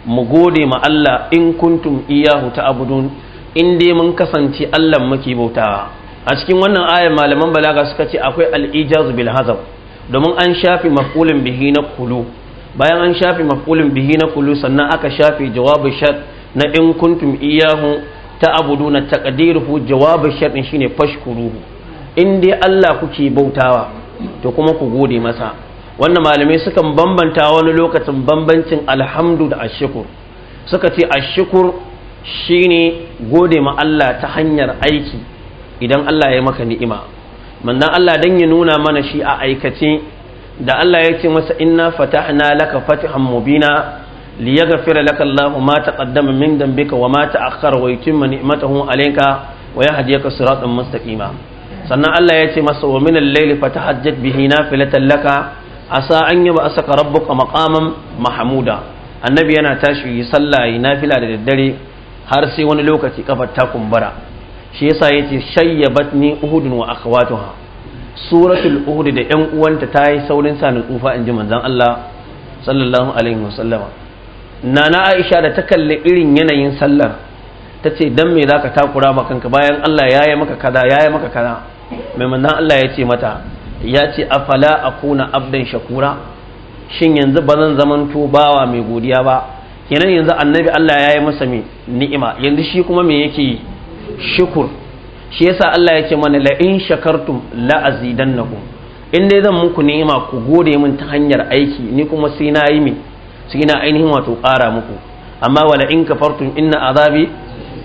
mu gode ma Allah in kuntum iyahu ta'budun in dai mun kasance Allah muke bautawa a cikin wannan ayar malaman balaga suka ce akwai al-ijaz bil hazab domin an shafi maf'ulin bihi na kulu bayan an shafe maf'ulin bihi na kullu sannan aka shafe jawabu shart na in kuntum iyahu takadiru taqdiruhu jawabu shart shi shine fashkuruhu in dai Allah kuke bautawa to kuma ku gode masa wannan malamai sukan bambanta wani lokacin bambancin alhamdu da ashkur suka ce ashkur shine gode ma Allah ta hanyar aiki idan Allah ya maka ni'ima manzon Allah dan ya nuna mana shi a aikace da Allah ya ce masa inna fatahna laka fatihan mubina liyaghfira laka Allahu ma taqaddama min dhanbika wa ma ta'akhkhara wa yutimma ni'matahu alayka wa yahdiyaka siratan mustaqima sannan Allah ya ce masa wa min al-layli fatahajjat bihi nafilatan laka asa an yaba asaka rabbuka maqaman mahmuda annabi yana tashi yi sallah yi nafila da daddare har sai wani lokaci kafar ta kumbura shi yasa yace shayyabatni uhudun wa akhawatuha suratul uhud da yan uwanta ta yi saurin sa tsufa in ji manzon Allah sallallahu alaihi wasallama nana Aisha da ta kalli irin yanayin sallar ta ce dan me zaka takura ma kanka bayan Allah ya yi maka kaza ya yi maka kaza mai manzon Allah ya ce mata ya ce afala akuna abdan shakura shin yanzu ba zan zamanto bawa mai godiya ba kenan yanzu annabi Allah ya yi masa ni'ima yanzu shi kuma me yake shukur shi yasa Allah ya ce mana la in shakartum la azidannakum in dai zan muku ni'ima ku gode min ta hanyar aiki ni kuma sai na yi min sai na ainihin wato ƙara muku amma wala in kafartum inna azabi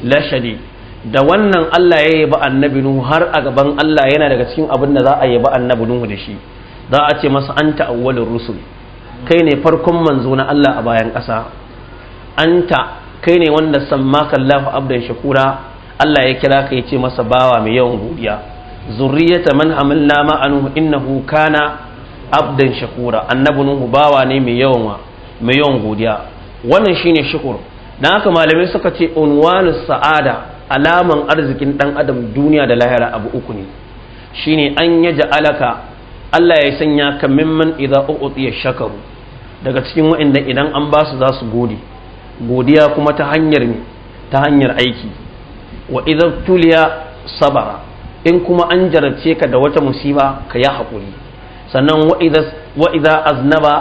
la shadid da wannan Allah ya yaba annabi Nuhu har a gaban Allah yana daga cikin abin da za a yaba annabi Nuhu da shi za a ce masa anta awwalur rusul kai ne farkon manzo na Allah a bayan ƙasa anta kai ne wanda sammaka Allahu abdan shakura Allah ya kira ka ya ce masa bawa mai yawan godiya zurriyata man hamalna ma anhu innahu kana abdan shakura annabi nuhu bawa ne mai yawan mai yawan godiya wannan shine shukur dan haka malamai suka ce unwanu sa'ada alaman arzikin dan adam duniya da lahira abu uku ne shine an yaja alaka Allah ya sanya ka mimman idza u'tiya shakaru daga cikin wa'inda idan an ba su za su gode godiya kuma ta hanyar ta hanyar aiki wa idan tuliya sabara in kuma an jarabce ka da wata musiba ka yi haƙuri sannan wa idan aznaba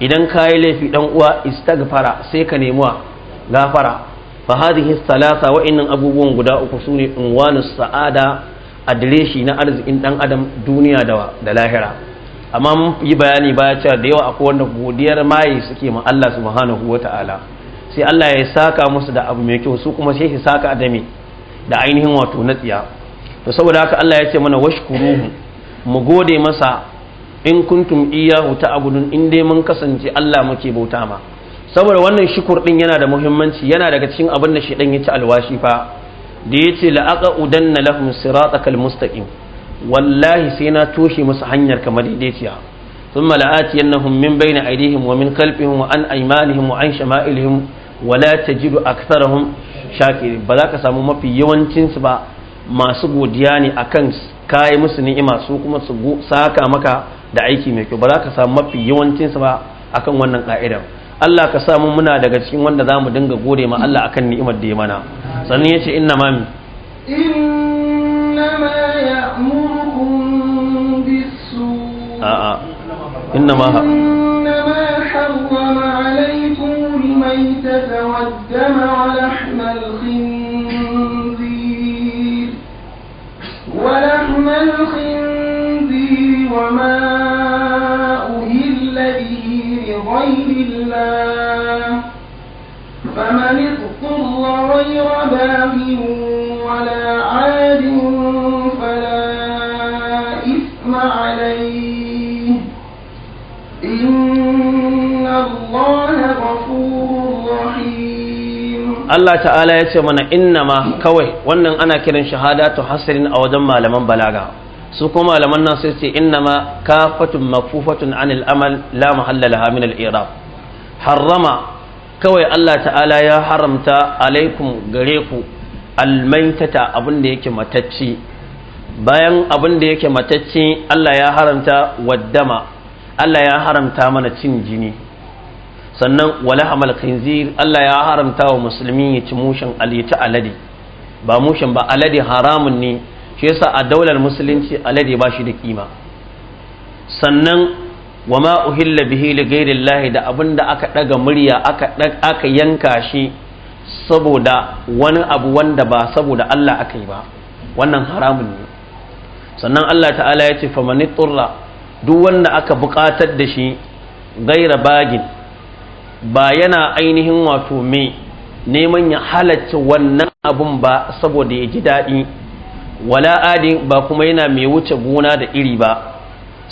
idan ka yi laifi dan uwa istagfara sai ka nemi wa gafara fa hadhihi thalatha wa innan abubuwan guda uku sune unwanu sa'ada adireshi na arzikin ɗan adam duniya da da lahira amma mun yi bayani baya cewa da yawa akwai wanda godiyar maye suke ma Allah subhanahu ta'ala sai Allah ya saka musu da abu mai kyau su kuma sai su saka adami da ainihin wato na tsiya to saboda haka Allah ya ce mana washkuruhu mu gode masa in kuntum iyyahu ta'budun in dai mun kasance Allah muke bauta ma saboda wannan shukur din yana da muhimmanci yana daga cikin abin da shedan ya alwashi fa da yace la aqudanna lahum siratakal mustaqim wallahi sai na toshe musu hanyar kamar daidaiciya ثم لآتينهم من بين أيديهم ومن خلفهم وعن أيمانهم وعن شمائلهم ولا تجد أكثرهم shakiri ba za ka samu mafi yawancinsu ba masu godiya ne akan kayi musu ni'ima su kuma su saka maka da aiki mai kyau ba za ka samu mafi yawancinsu ba akan wannan ka'idar Allah ka samu muna daga cikin wanda za mu dinga gode ma Allah akan ni'imar da ya mana sannan ya ce inna ma mi inna ma ha inna ma harrama alaikum al-maytata wad-dama Allah ta'ala ya ce mana inna ma kawai wannan ana kiran shahadatu ta a wajen malaman balaga su kuma malaman nan sai ce inna ma kafatun mafufatun anil amal la muhallala min al-irab harrama kawai Allah ta'ala ya haramta alaikum gare ku almaitata abin da yake matacci bayan abin da yake matacci Allah ya haramta waddama Allah ya haramta mana cin jini sannan wala hamal khinzir Allah ya haramta wa musulmi ya ci mushin alita alade ba mushin ba alade haramun ne shi yasa a daular musulunci alade ba shi da kima sannan wa ma uhilla bihi li ghairillahi da abinda aka daga murya aka aka yanka shi saboda wani abu wanda ba saboda Allah aka yi ba wannan haramun ne sannan Allah ta'ala ya ce famani turra duk wanda aka buƙatar da shi gaira bagin ba yana ainihin wato me neman ya halarci wannan abun ba saboda ya ji daɗi wala adin ba kuma yana mai wuce gona da iri ba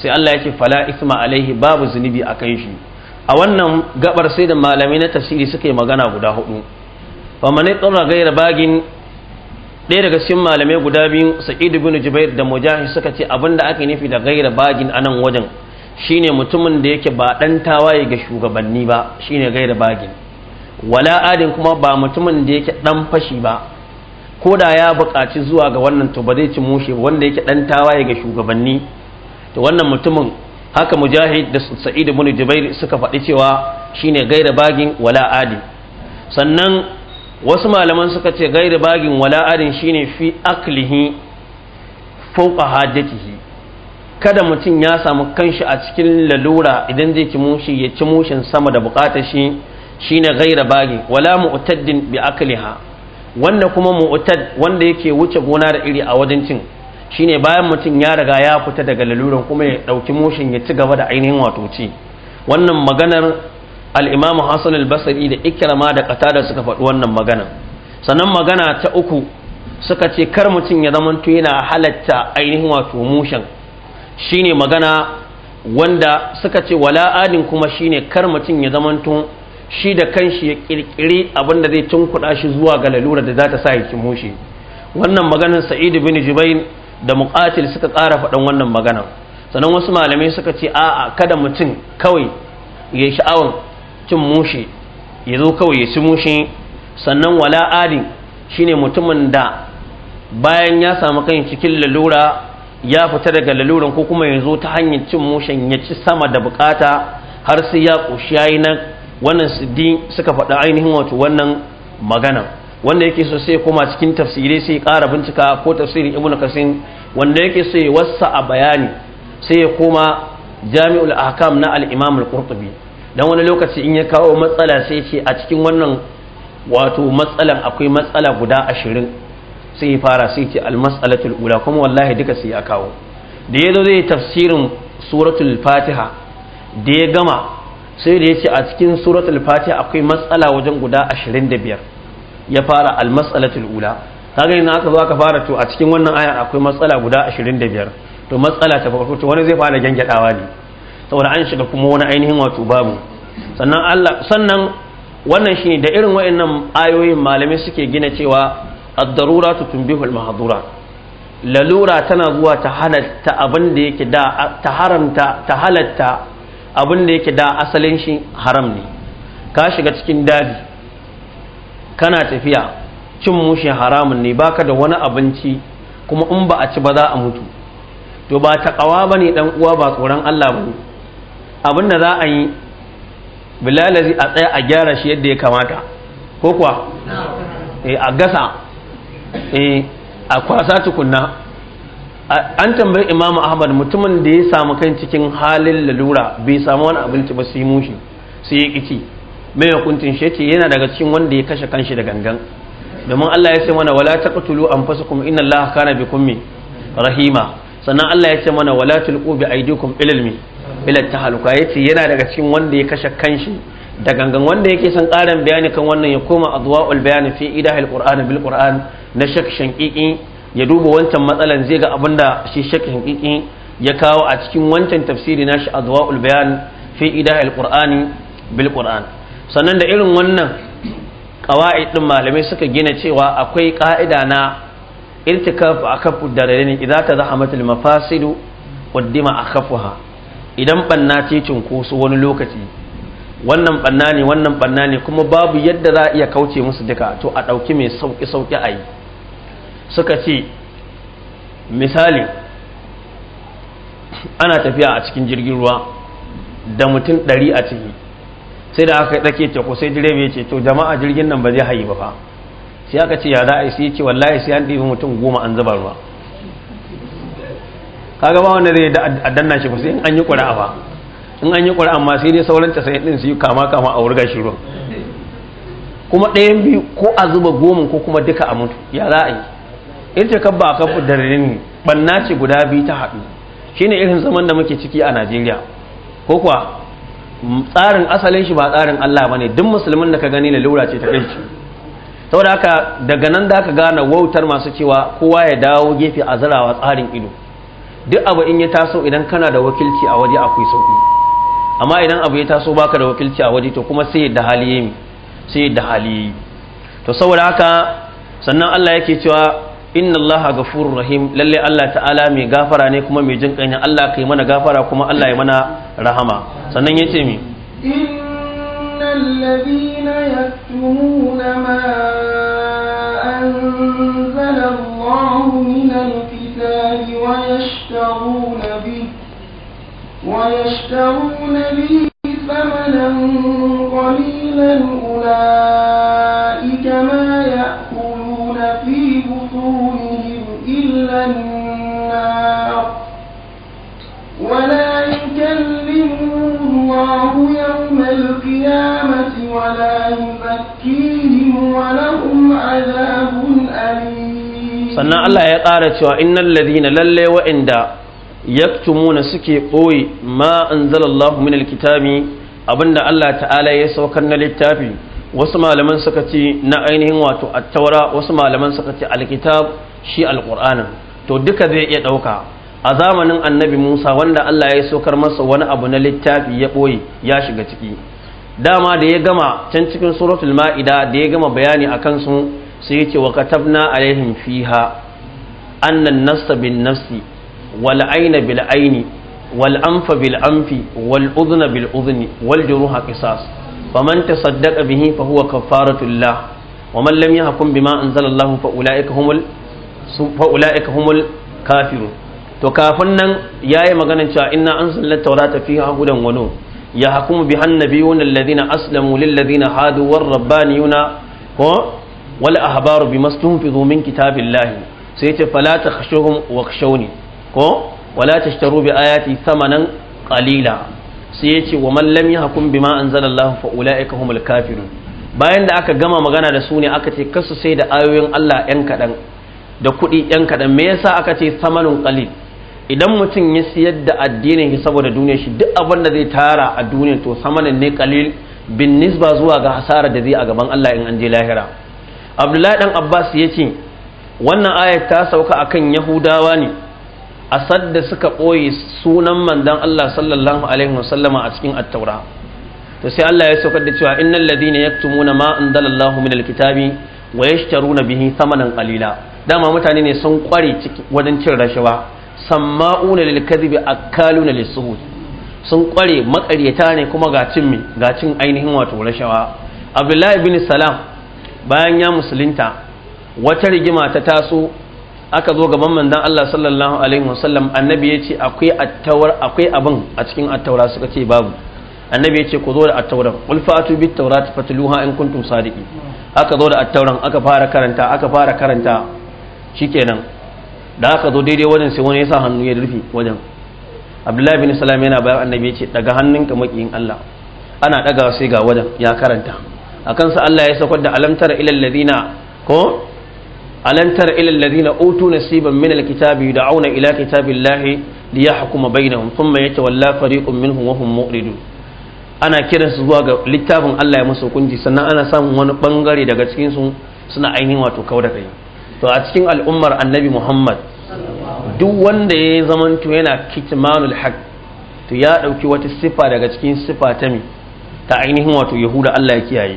sai Allah ya ce fala isma alaihi babu zunubi a kan shi a wannan gabar sai da malamai na tafsiri suka yi magana guda hudu fa mane tsara gaira bagin ɗaya daga cikin malamai guda biyu sa'id ibn jubair da mujahid suka ce abinda ake nufi da gaira bagin anan wajen shine mutumin da yake ba dan tawaye ga shugabanni ba shine gaira bagin wala adin kuma ba mutumin da yake dan fashi ba ko da ya buƙaci zuwa ga wannan to ba zai ci mushe wanda yake dan tawaye ga shugabanni to wannan mutumin haka mujahid da sa'id ibn jubair suka faɗi cewa shine gaira bagin wala adi sannan wasu malaman suka ce gaira bagin wala adin shine fi aklihi fawqa hajatihi kada mutum ya samu kanshi a cikin lalura idan zai ci mushi ya ci mushin sama da bukatar shi shine gaira bagin wala mu'taddin bi akliha wanda kuma mu'tad wanda yake wuce gona da iri a wajen cin shine bayan mutum ya riga ya fita daga laluran kuma ya ɗauki moshin ya ci gaba da ainihin wato ci wannan maganar al'imamu hassan al-basari da ikirama da qatada suka faɗi wannan magana sannan magana ta uku suka ce kar mutum ya zamanto yana halatta ainihin wato moshin shine magana wanda suka ce wala adin kuma shine kar mutum ya zamanto shi da kanshi ya kirkiri abin da zai tunkuɗa shi zuwa ga lalura da za ta sa ya kimoshi wannan maganar Sa'idu bin jubair da muƙatil suka ƙara faɗin wannan magana sannan wasu malamai suka ce a'a kada mutum kawai ya sha'awar cin mushi ya zo kawai ya ci mushi sannan wala adin shine mutumin da bayan ya samu kan cikin lalura ya fita daga laluran ko kuma ya zo ta hanyar cin mushi ya ci sama da bukata har sai ya ƙoshi yi na wannan siddi suka faɗa ainihin wato wannan magana wanda yake so sai koma cikin tafsirai sai ƙara bincika ko tafsirin ibnu kasin wanda yake so ya wassa a bayani sai ya koma jami'ul ahkam na al-imam al-qurtubi dan wani lokaci in ya kawo matsala sai ce a cikin wannan wato matsalan akwai matsala guda ashirin sai ya fara sai ce al-mas'alatul ula kuma wallahi duka sai ya kawo da yazo zai tafsirin suratul fatiha da ya gama sai da ya ce a cikin suratul fatiha akwai matsala wajen guda ashirin da biyar ya fara almas'alatul ula kaga yanzu aka zo aka fara to a cikin wannan aya akwai matsala guda 25 to matsala ta farko to wani zai fara gangadawa ne saboda an shiga kuma wani ainihin wato babu sannan Allah sannan wannan shine da irin wayannan ayoyin malamai suke gina cewa ad-daruratu tunbihul mahdura lalura tana zuwa ta halatta abin da yake da ta haramta ta halatta abin da yake da asalin shi haram ne ka shiga cikin daji kana tafiya cin mushi haramun ne baka da wani abinci kuma in ba a ci ba za a mutu to ba ta kawa ba ne dan uwa ba tsoron Allah ba abin da za a yi bilalazi a tsaya a gyara shi yadda ya kamata ko kuwa eh, a gasa eh, a kwasa tukunna an tambayi imamu ahmad mutumin da ya samu kan cikin halin lalura bai samu wani abinci ba sai mushi sai ya kici. mai hukuncin shi ce yana daga cikin wanda ya kashe kanshi da gangan domin Allah ya ce mana wala taqtulu anfusakum inna Allaha kana bikum rahima sannan Allah ya ce mana wala tulqu bi aydikum ilal mi ila tahaluka yace yana daga cikin wanda ya kashe kanshi da gangan wanda yake son ƙarin bayani kan wannan ya koma adwaul bayani fi idahil qur'an bil qur'an na shak shankiki ya duba wancan matsalan zai ga da shi shak shankiki ya kawo a cikin wancan tafsiri nashi adwaul bayan fi idahil qur'ani bil qur'an sannan da irin wannan ƙawa'iɗin ɗin malamai suka gina cewa akwai ƙa'ida na irtikaf a kafu da rarreni idan ta a matul mafasidu waddima a ha, idan ɓanna ce cunkoso wani lokaci wannan ɓanna ne wannan ɓanna ne kuma babu yadda za a iya kauce musu duka to a ɗauki mai sauƙi sauƙi a yi suka ce misali ana tafiya a cikin jirgin ruwa da mutum ɗari a ciki sai da aka dake teku sai direba ya ce to jama'a jirgin nan ba zai hayi ba fa sai aka ce ya za a sai ce wallahi sai an ɗibi mutum goma an zuba ruwa kaga ba wanda zai a danna shi ba sai in an yi ƙura'a ba in an yi ƙura'a ma sai dai sauran tasayin ɗin su yi kama kama a wurga shi ruwan kuma ɗayan biyu ko a zuba goma ko kuma duka a mutu ya za a yi in ce kabba a kafa da rini ɓanna ce guda biyu ta haɗu shine irin zaman da muke ciki a najeriya ko kuwa tsarin asalin shi ba tsarin Allah bane duk musulmin da ka gani na lura ce ta kai saboda haka daga nan da ka gane wautar masu cewa kowa ya dawo gefe a zarawa tsarin ido duk abu in ya taso idan kana da wakilci a waje akwai sauki amma idan abu ya taso baka da wakilci a waje to kuma sai da hali sai da hali to saboda haka sannan Allah yake cewa inna allaha ghafurur rahim lalle Allah ta'ala mai gafara ne kuma mai jin kanya Allah kai mana gafara kuma Allah ya mana rahama sannan yace mi innal ladina yaktumuna ma anzala Allahu minal kitabi wa yashtaruna bihi wa yashtaruna bihi thamanan qalilan ulaika ma ya'kuluna fi دونهم إلا النار ولا يكلمهم الله يوم القيامة ولا يزكيهم ولهم عذاب أليم sannan Allah ya ƙara cewa innal ladhina lalle wa'inda yaktumuna suke ɓoye ma anzalallahu min alkitabi abinda Allah ta'ala ya saukar na littafi wasu malaman suka ce na ainihin wato attaura wasu malaman suka ce alkitab shi alqur'anin to duka zai iya ɗauka. a zamanin annabi Musa wanda Allah ya saukar masa wani abu na littafi ya ɓoye, ya shiga ciki dama da ya gama can cikin suratul ma'ida da ya gama bayani akan su sai ya ce wa katabna alaihim fiha annan nasta bin nafsi wal aina bil aini wal anfa bil anfi wal udhna bil udhni wal juruha qisas faman tasaddaqa bihi fa huwa kaffaratul lah wa man lam yahkum bima anzalallahu fa ulaika humul fa ulaika humul kafirun to kafin nan yayi maganar cewa inna anzalna tawrata fiha hudan wa nur yahkumu biha annabiyuna alladhina aslamu lil ladina hadu war rabbaniyuna ko wal ahbaru bima stunfidu min kitabillahi sai ce fala takhshuhum wakhshawni ko wala tashtaru bi ayati thamanan qalila sai ya ce wa mallam ya hakun bima Allah fa ulaika humul kafirun bayan da aka gama magana da su ne aka ce kasu sai da ayoyin Allah yan kaɗan da kuɗi yan kaɗan. me yasa aka ce samanin ƙalil. idan mutum ya siyar da addinin shi saboda duniyar shi duk abin da zai tara a duniya to samanin ne ƙalil bin nisba zuwa ga hasarar da zai a gaban Allah in an je lahira Abdullahi dan Abbas ya ce wannan ayat ta sauka akan Yahudawa ne asad da suka ɓoye sunan Mandan Allah sallallahu alaihi wasallama a cikin attaura to sai Allah ya saukar da cewa innal ladina yaktumuna ma anzalallahu minal kitabi wa yashtaruna bihi thamanan qalila dama mutane ne sun kware wajen cin rashawa samma'una lil kadhibi akaluna lisuhud sun kware makaryata ne kuma ga cin ga cin ainihin wato rashawa Abdullahi bin Salam bayan ya musulunta wata rigima ta taso aka zo gaban manzon Allah sallallahu alaihi wasallam annabi ya ce akwai attawar akwai abin a cikin attaura suka ce babu annabi ya ce ku zo da attaura qul fa'atu bit tawrat fatluha in kuntum sadiqin aka zo da attauran aka fara karanta aka fara karanta shikenan da aka zo daidai wajen sai wani ya sa hannu ya rufe wajen abdullahi bin salam yana bayan annabi ya ce daga hannunka makiyin Allah ana daga sai ga wajen ya karanta akan sa Allah ya saukar da alamtar ilal ladina ko alam tara ila alladhina utu nasiban min alkitabi yad'una ila kitabillahi liyahkuma bainahum thumma yatawalla fariqun minhum wa hum mu'ridun ana kiran su zuwa ga littafin Allah ya musu kunji sannan ana samun wani bangare daga cikin su suna ainihin wato da kai to a cikin al'ummar annabi Muhammad duk wanda ya to yana kitmanul haqq to ya dauki wata sifa daga cikin sifa ta mi ta ainihin wato yahuda Allah ya kiyaye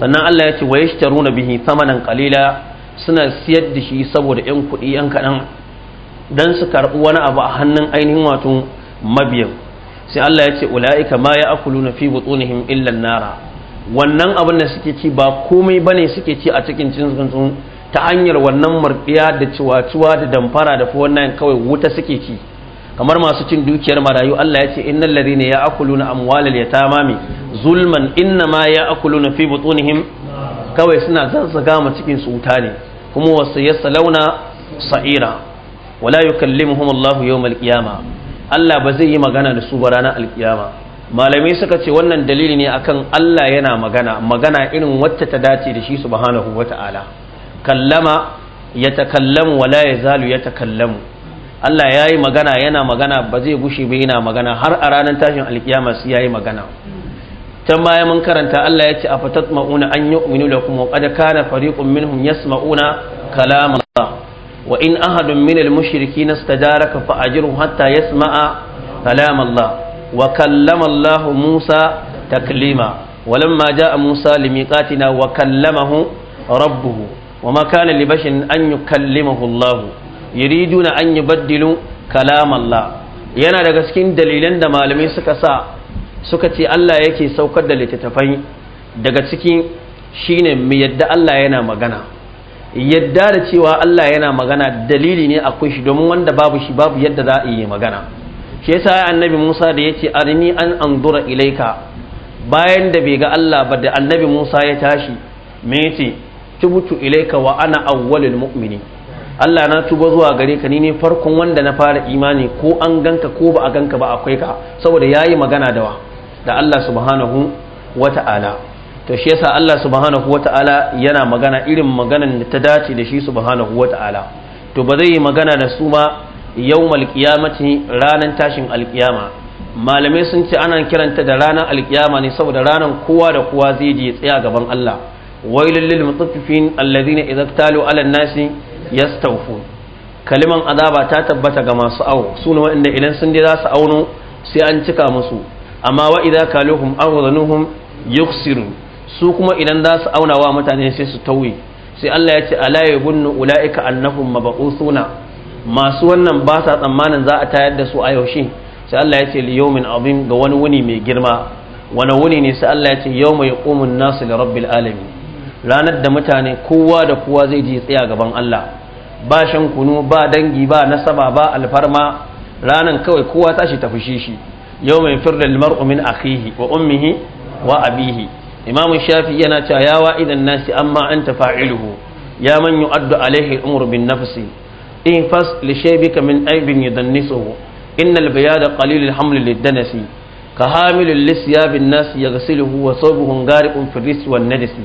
sannan Allah ya ce wa yashtaruna bihi thamanan qalila suna siyar da shi saboda 'yan kuɗi 'yan kaɗan don su karɓi wani abu a hannun ainihin wato mabiyan sai Allah ya ce ula'ika ma ya akulu na fi butunihim illan nara wannan abin da suke ci ba komai bane suke ci a cikin cinsu ta hanyar wannan murfiya da ciwaciwa da damfara da fuwan nan kawai wuta suke ci kamar masu cin dukiyar marayu Allah ya ce innal ladhina ya'kuluna amwalal yatama zulman inna ma ya'kuluna fi butunihim kawai suna zazzaga ma cikin su wuta ne kuma wasu salauna sa'ira wala yukallimuhum Allah yau malkiyama Allah ba zai yi magana da su ba ranar alkiyama Malami suka ce wannan dalili ne akan Allah yana magana magana irin wacce ta dace da shi subhanahu ta'ala. kallama ya takallamu wala ya zalu ya takallamu Allah ya yi magana yana magana ba zai gushe ba yana magana har a ranar tashin alkiyama su ya yi magana can baya mun karanta Allah ya ce a fatat ma'una an yu'minu lakum wa qad kana fariqun minhum yasma'una kalam Allah wa in ahadun min al-mushrikin istajaraka fa ajruhu hatta yasma'a kalam Allah wa kallama Allah Musa taklima ولما جاء موسى لميقاتنا وكلمه ربه وما كان لبشر أن يكلمه الله يريدون an يبدلوا كلام الله yana daga cikin dalilan da malamai suka sa suka ce Allah yake saukar da littattafai daga cikin shine mai yadda Allah yana magana yadda da cewa Allah yana magana dalili ne akwai shi domin wanda babu shi babu yadda za a yi magana shi yasa annabi Musa da yace arini an anzura ilaika bayan da bai ga Allah ba da annabi Musa ya tashi me yace tubutu ilaika wa ana awwalul mu'mini Allah na tuba zuwa gare ka ni ne farkon wanda na fara imani ko an ganka ko ba a ganka ba akwai ka saboda yayi magana da wa da Allah subhanahu wata'ala to shi yasa Allah subhanahu wata'ala yana magana irin maganan da ta dace da shi subhanahu wata'ala to ba zai yi magana da su ba yawmal qiyamati ranan tashin alqiyama malamai sun ce ana kiranta da ranan alqiyama ne saboda ranan kowa da kowa zai je tsaya gaban Allah wailul lil mutaffifin alladhina idza talu ala nasi yastawfu kaliman azaba ta tabbata ga masu awo su ne idan sun je za su auno sai an cika musu amma wa idza kaluhum aw dhanuhum su kuma idan za su auna wa mutane sai su tauye sai Allah ya ce ala yabunnu ulaika annahum mab'usuna masu wannan ba sa tsammanin za a tayar da su a yaushe sai Allah ya ce li yawmin azim ga wani wuni mai girma wani wuni ne sai Allah ya ce yawma yaqumun nasu li rabbil alamin ranar da mutane kowa da kowa zai je tsaya gaban Allah ba shan kunu ba dangi ba nasaba ba alfarma ranan kawai kowa tashi tafi shi yau mai firda mar'u min akhihi wa ummihi wa abihi imam shafi yana cewa ya wa'idan nasi amma anta fa'iluhu ya man yu'addu alaihi al-umru bin nafsi in fas li shaybika min aibin yudannisuhu innal bayada qalil al-haml lid-danasi ka hamilul lisyab an-nas yaghsiluhu wa sawbuhun gariqun fi ris wan najsi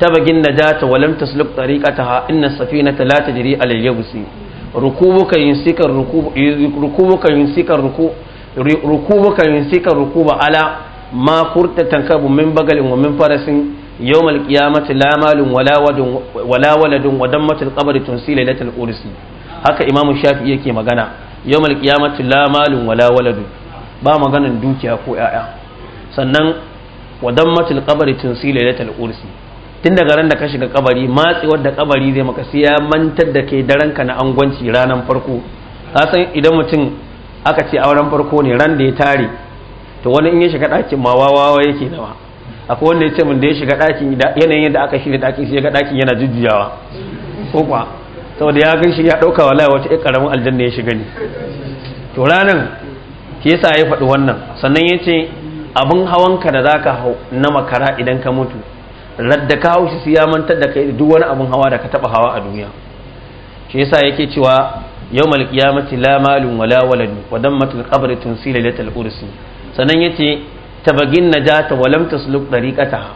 tabagin najata wa lam tasluk tariqataha inna as-safinata la tajri ala al-yabsi rukubuka yunsika rukubu rukubuka yunsika rukubu rukubuka kan rukuba ala ma furta tankabu min bagalin wa min farasin yawmal qiyamati la malun wala wadun wala waladun wa dammatul qabri tunsi lailatul ursi haka imamu shafi yake magana yawmal qiyamati la malun wala waladun ba maganan dukiya ko yaya sannan wa dammatul qabri tunsi lailatul ursi tun daga ran da ka shiga kabari matsewar da kabari zai maka sai ya mantar da ke daren ka na angwanci ranan farko ka san idan mutum aka ce auren farko ne ran da ya tare to wani in ya shiga ɗakin ma wawa yake nawa akwai wanda ya ce mun da ya shiga ɗakin yanayin yadda aka shirya ɗakin shi ya ga ɗakin yana jujjuyawa ko kwa saboda ya gan shi ya ɗauka wallahi wata ƴar ƙaramin aljanna ya shiga ne to ranar ke yasa ya faɗi wannan sannan ya ce abin hawanka da zaka hau na makara idan ka mutu radda ka hau shi ya mantar da kai duk wani abin hawa da ka taɓa hawa a duniya shi yasa yake cewa yau malkiyamati la malun wala waladu wa dan matul qabri tunsila latal ursi sannan yace tabagin najata wa lam tasluk dariqata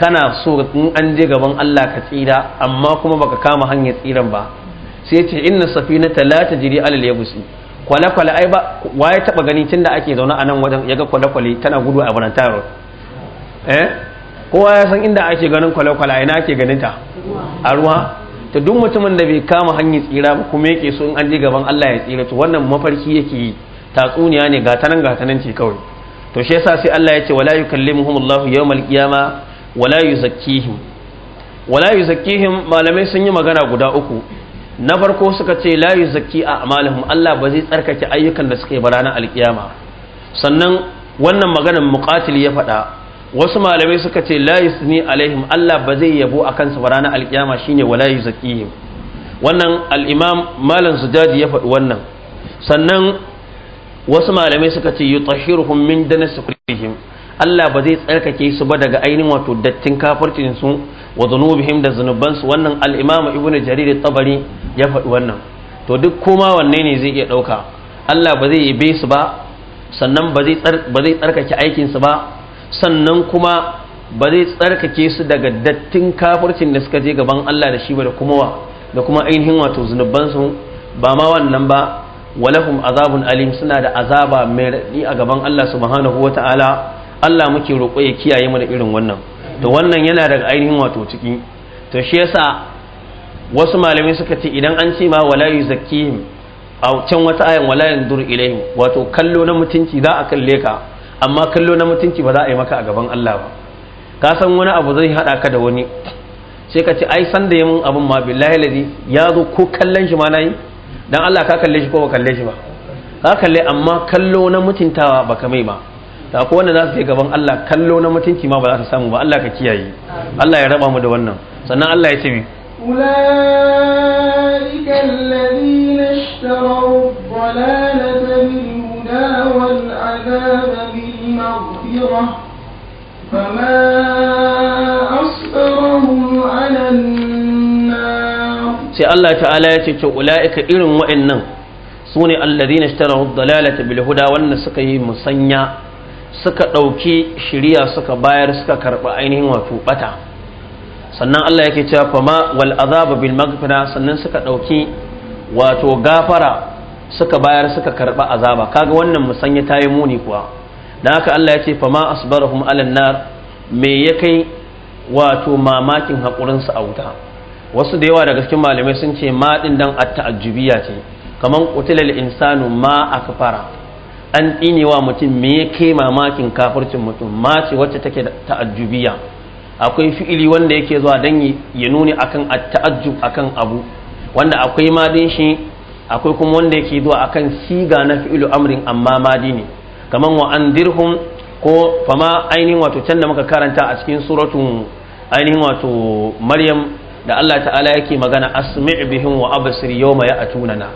kana so in an je gaban Allah ka tsira amma kuma baka kama hanyar tsiran ba sai yace inna safinata la tajri alal yabsi kwale-kwale ai ba wa ya taba gani tunda ake zaune a nan wajen ya ga kwale-kwale tana gudu a Banantaro eh kowa ya san inda ake ganin kwale-kwale ina ake ganin ta a ruwa ta duk mutumin da bai kama hanyar tsira ba kuma yake so in an je gaban Allah ya tsira to wannan mafarki yake yi tatsuniya ne gatanan gatanan ce kawai to shi yasa sai Allah ya ce wala yukallimuhum Allahu yawmal qiyama wala yuzakkihim wala yuzakkihim malamai sun yi magana guda uku na farko suka ce la yuzakki a amalihim Allah ba zai tsarkake ayyukan da suka yi ba ranar alkiyama sannan wannan maganar muqatil ya faɗa wasu malamai suka ce la yusni alaihim Allah ba zai yabo akan su ranar alkiyama shine wala yuzakihim wannan al-imam malam sujadi ya faɗi wannan sannan wasu malamai suka ce yutahhiruhum min danas kullihim Allah ba zai tsarkake su ba daga ainihin wato dattin kafircin su wa zunubihim da zunuban wannan al-imam ibnu jarir tabari ya faɗi wannan to duk koma wanne ne zai iya ɗauka Allah ba zai yabe su ba sannan ba zai tsarkake aikinsu ba sannan kuma ba zai tsarkake su daga dattin kafircin da suka je gaban Allah da shi ba da kuma wa da kuma ainihin wato zunubansu ba ma wannan ba walahum azabun alim suna da azaba mai raɗi a gaban Allah subhanahu wa ta'ala Allah muke roƙo ya kiyaye mu da irin wannan to wannan yana daga ainihin wato ciki to shi yasa wasu malamai suka ce idan an ce ma wala yuzakkihim a can wata ayan wala yandur ilaihim wato kallo na mutunci za a kalle ka amma kallo na mutunci ba za a yi maka a gaban Allah ba ka san wani abu zai hada ka da wani sai ka ce ai san da mun abin ma billahi ladi ya zo ko kallon shi ma nayi dan Allah ka kalle shi ko ba kalle shi ba ka kalle amma kallo na mutuntawa ba ka mai ba ta ko wanda za su je gaban Allah kallo na mutunci ma ba za su samu ba Allah ka kiyaye Allah ya raba mu da wannan sannan Allah ya ce mi أولئك الذين اشتروا الضلالة بالهدى والعذاب مغفرة فما أصبرهم على النار سي الله تعالى يتي أولئك إرم وإنن سوني الذين اشتروا الضلالة بالهدى وأن سكي مسنيا suka ɗauki shiriya suka bayar suka karɓi ainihin wato ɓata sannan Allah yake cewa fama wal azaba bil maghfira sannan suka ɗauki wato gafara suka bayar suka karɓi azaba kaga wannan musanya ta yi muni kuwa da haka Allah ya ce fama asbarahum alan nar me ya kai wato mamakin hakurin su a wuta wasu da yawa daga cikin malamai sun ce ma din dan at-ta'ajjubiyya ce kaman qutilal insanu ma akfara an dine wa mutum me ya kai mamakin kafircin mutum ma ce wacce take ta'ajjubiya akwai fi'ili wanda yake zuwa dan ya nuni akan ta'ajjub akan abu wanda akwai din shi akwai kuma wanda yake zuwa akan siga na fi'ilu amrin amma madini ne kaman wa andirhum ko fama ainihin wato can da muka karanta a cikin suratun ainihin wato maryam da Allah ta'ala yake magana asmi' bihim wa absir yawma ya'tunana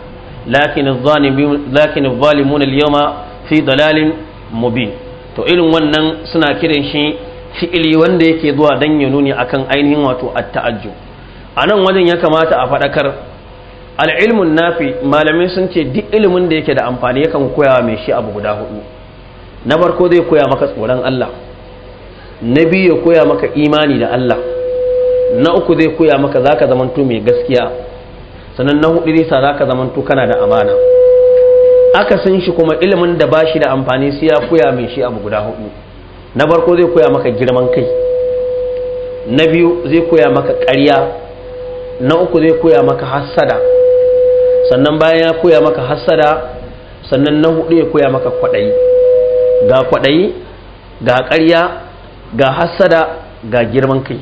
lakin adh-dhalimun lakin adh-dhalimuna al-yawma fi dalalin mubin to irin wannan suna kiran shi fi'ili wanda yake zuwa dan ya nuni akan ainihin wato at-ta'ajjub anan wajen ya kamata a faɗakar, al-ilmun nafi malamai sun ce duk ilimin da yake da amfani yakan koya mai shi abu guda hudu na barko zai koya maka tsoron Allah na biyu ya koya maka imani da Allah na uku zai koya maka zaka zamanto mai gaskiya sannan na hudu zai sa zaka zamanto kana da amana akasin shi kuma ilimin da bashi da amfani sai ya koya mai shi abu guda hudu na farko zai koya maka girman kai na biyu zai koya maka ƙarya na uku zai koya maka hassada sannan bayan ya koya maka hassada sannan na hudu ya koya maka kwaɗayi ga kwaɗayi ga ƙarya ga hassada ga girman kai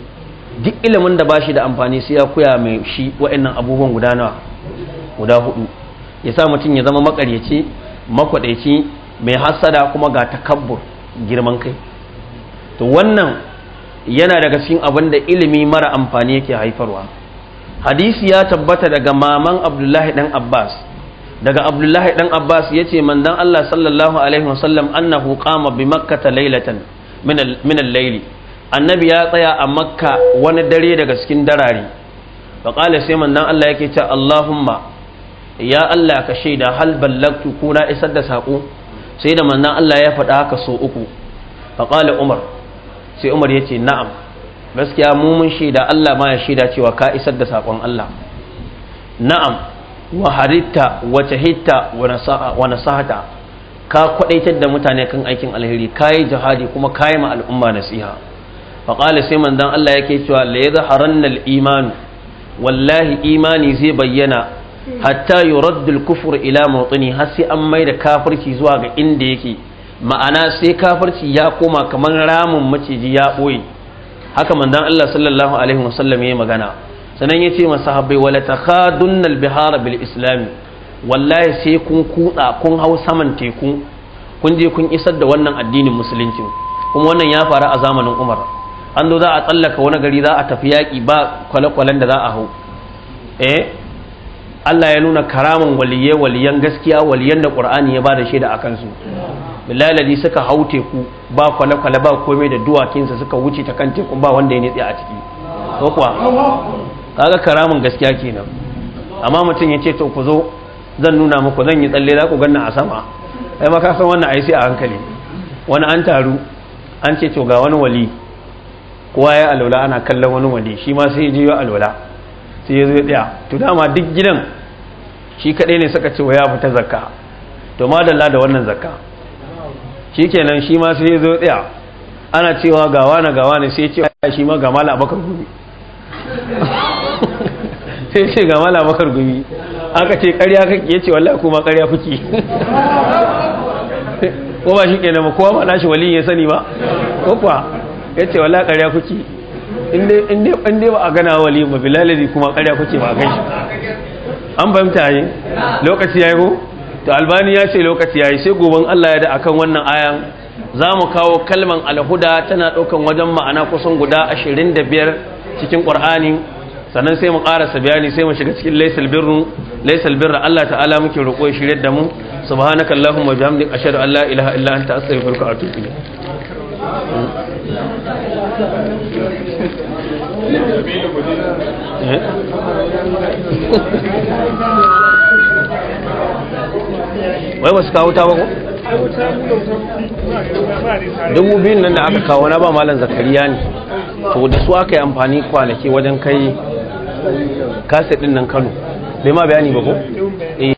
duk ilimin da ba shi da amfani sai ya koya mai shi wa'annan abubuwan guda guda hudu ya sa mutum ya zama makaryaci makwadaici mai hassada kuma ga takabbur girman kai to wannan yana daga cikin abin da ilimi mara amfani yake haifarwa hadisi ya tabbata daga maman abdullahi dan abbas daga abdullahi dan abbas ya ce manzon allah sallallahu alaihi wasallam annahu qama bi makkata laylatan min al-layli annabi ya tsaya a makka wani dare daga cikin darari. fa qala sai manzon allah yake ce allahumma ya allah ka shaida hal ballagtu kuna isar da sako sai da manzon allah ya faɗa haka so uku fa qala umar sai umar yace na'am gaskiya mu mun shaida allah ma ya shaida cewa ka isar da sakon allah na'am wa haritta wa tahitta wa nasahata ka kwadaitar da mutane kan aikin alheri kayi jihadi kuma kayi ma al'umma nasiha fa qala sai manzon Allah yake cewa la yadhharanna al-iman wallahi imani zai bayyana hatta yuraddu al-kufr ila mawtini har sai an maida kafirci zuwa ga inda yake ma'ana sai kafirci ya koma kamar ramin maciji ya boye haka manzon Allah sallallahu alaihi wasallam ya magana sannan ya ce masahabbai wala takhadunnal bihara bil islam wallahi sai kun kutsa kun hau saman teku kun je kun isar da wannan addinin musulunci kuma wannan ya faru a zamanin Umar an zo za a tsallaka wani gari za a tafi yaƙi ba kwale-kwalen da za a hau eh Allah ya nuna karamin waliyye waliyan gaskiya waliyan da Qur'ani ya bada shaida akan su bilaladi suka hau teku ba kwale-kwale ba komai da duwakinsa suka wuce ta kan teku ba wanda ya nitsi a ciki ko kuwa kaga karamin gaskiya kenan amma mutum ya ce to ku zo zan nuna muku zan yi tsalle za ku ganna a sama ai ma ka san wannan ai sai a hankali wani an taru an ce to ga wani wali kowa ya alwala ana kallon wani wali shi ma sai ya je ya alwala sai ya zo ya tsaya to dama duk gidan shi kaɗai ne suka ce wa ya fita zakka to madalla da wannan zakka shi kenan shi ma sai ya zo tsaya ana cewa gawa na gawa ne sai ya ce shi ma ga mala abakar gobe sai ce ga mala bakar gumi aka ce karya kake ya ce wallahi kuma karya kuke ko ba shi kenan kowa ba nashi wali ya sani ba ko kuwa ya ce wallahi karya kuke in dai ba a gana wali ba bilalari kuma karya kuke ba kai an fahimta yi lokaci ya yi ko to albani ya ce lokaci ya yi sai goban allah ya da akan wannan ayan za mu kawo kalman alhuda tana ɗaukan wajen ma'ana kusan guda ashirin da biyar cikin ƙwar'ani sannan sai mu karasa bayani sai mu shiga cikin laysal birru laysal birra Allah ta'ala muke roƙo shi shirye da mu subhanaka allahumma wa bihamdika ashhadu an la ilaha illa anta astaghfiruka wa atubu ilayk hmm? eh? wai wasu kawo ta bako dubu biyun nan da aka kawo na ba malam zakariya ne to da su aka yi amfani kwanaki wajen kai kaset din nan Kano bai ma bayani ba ko eh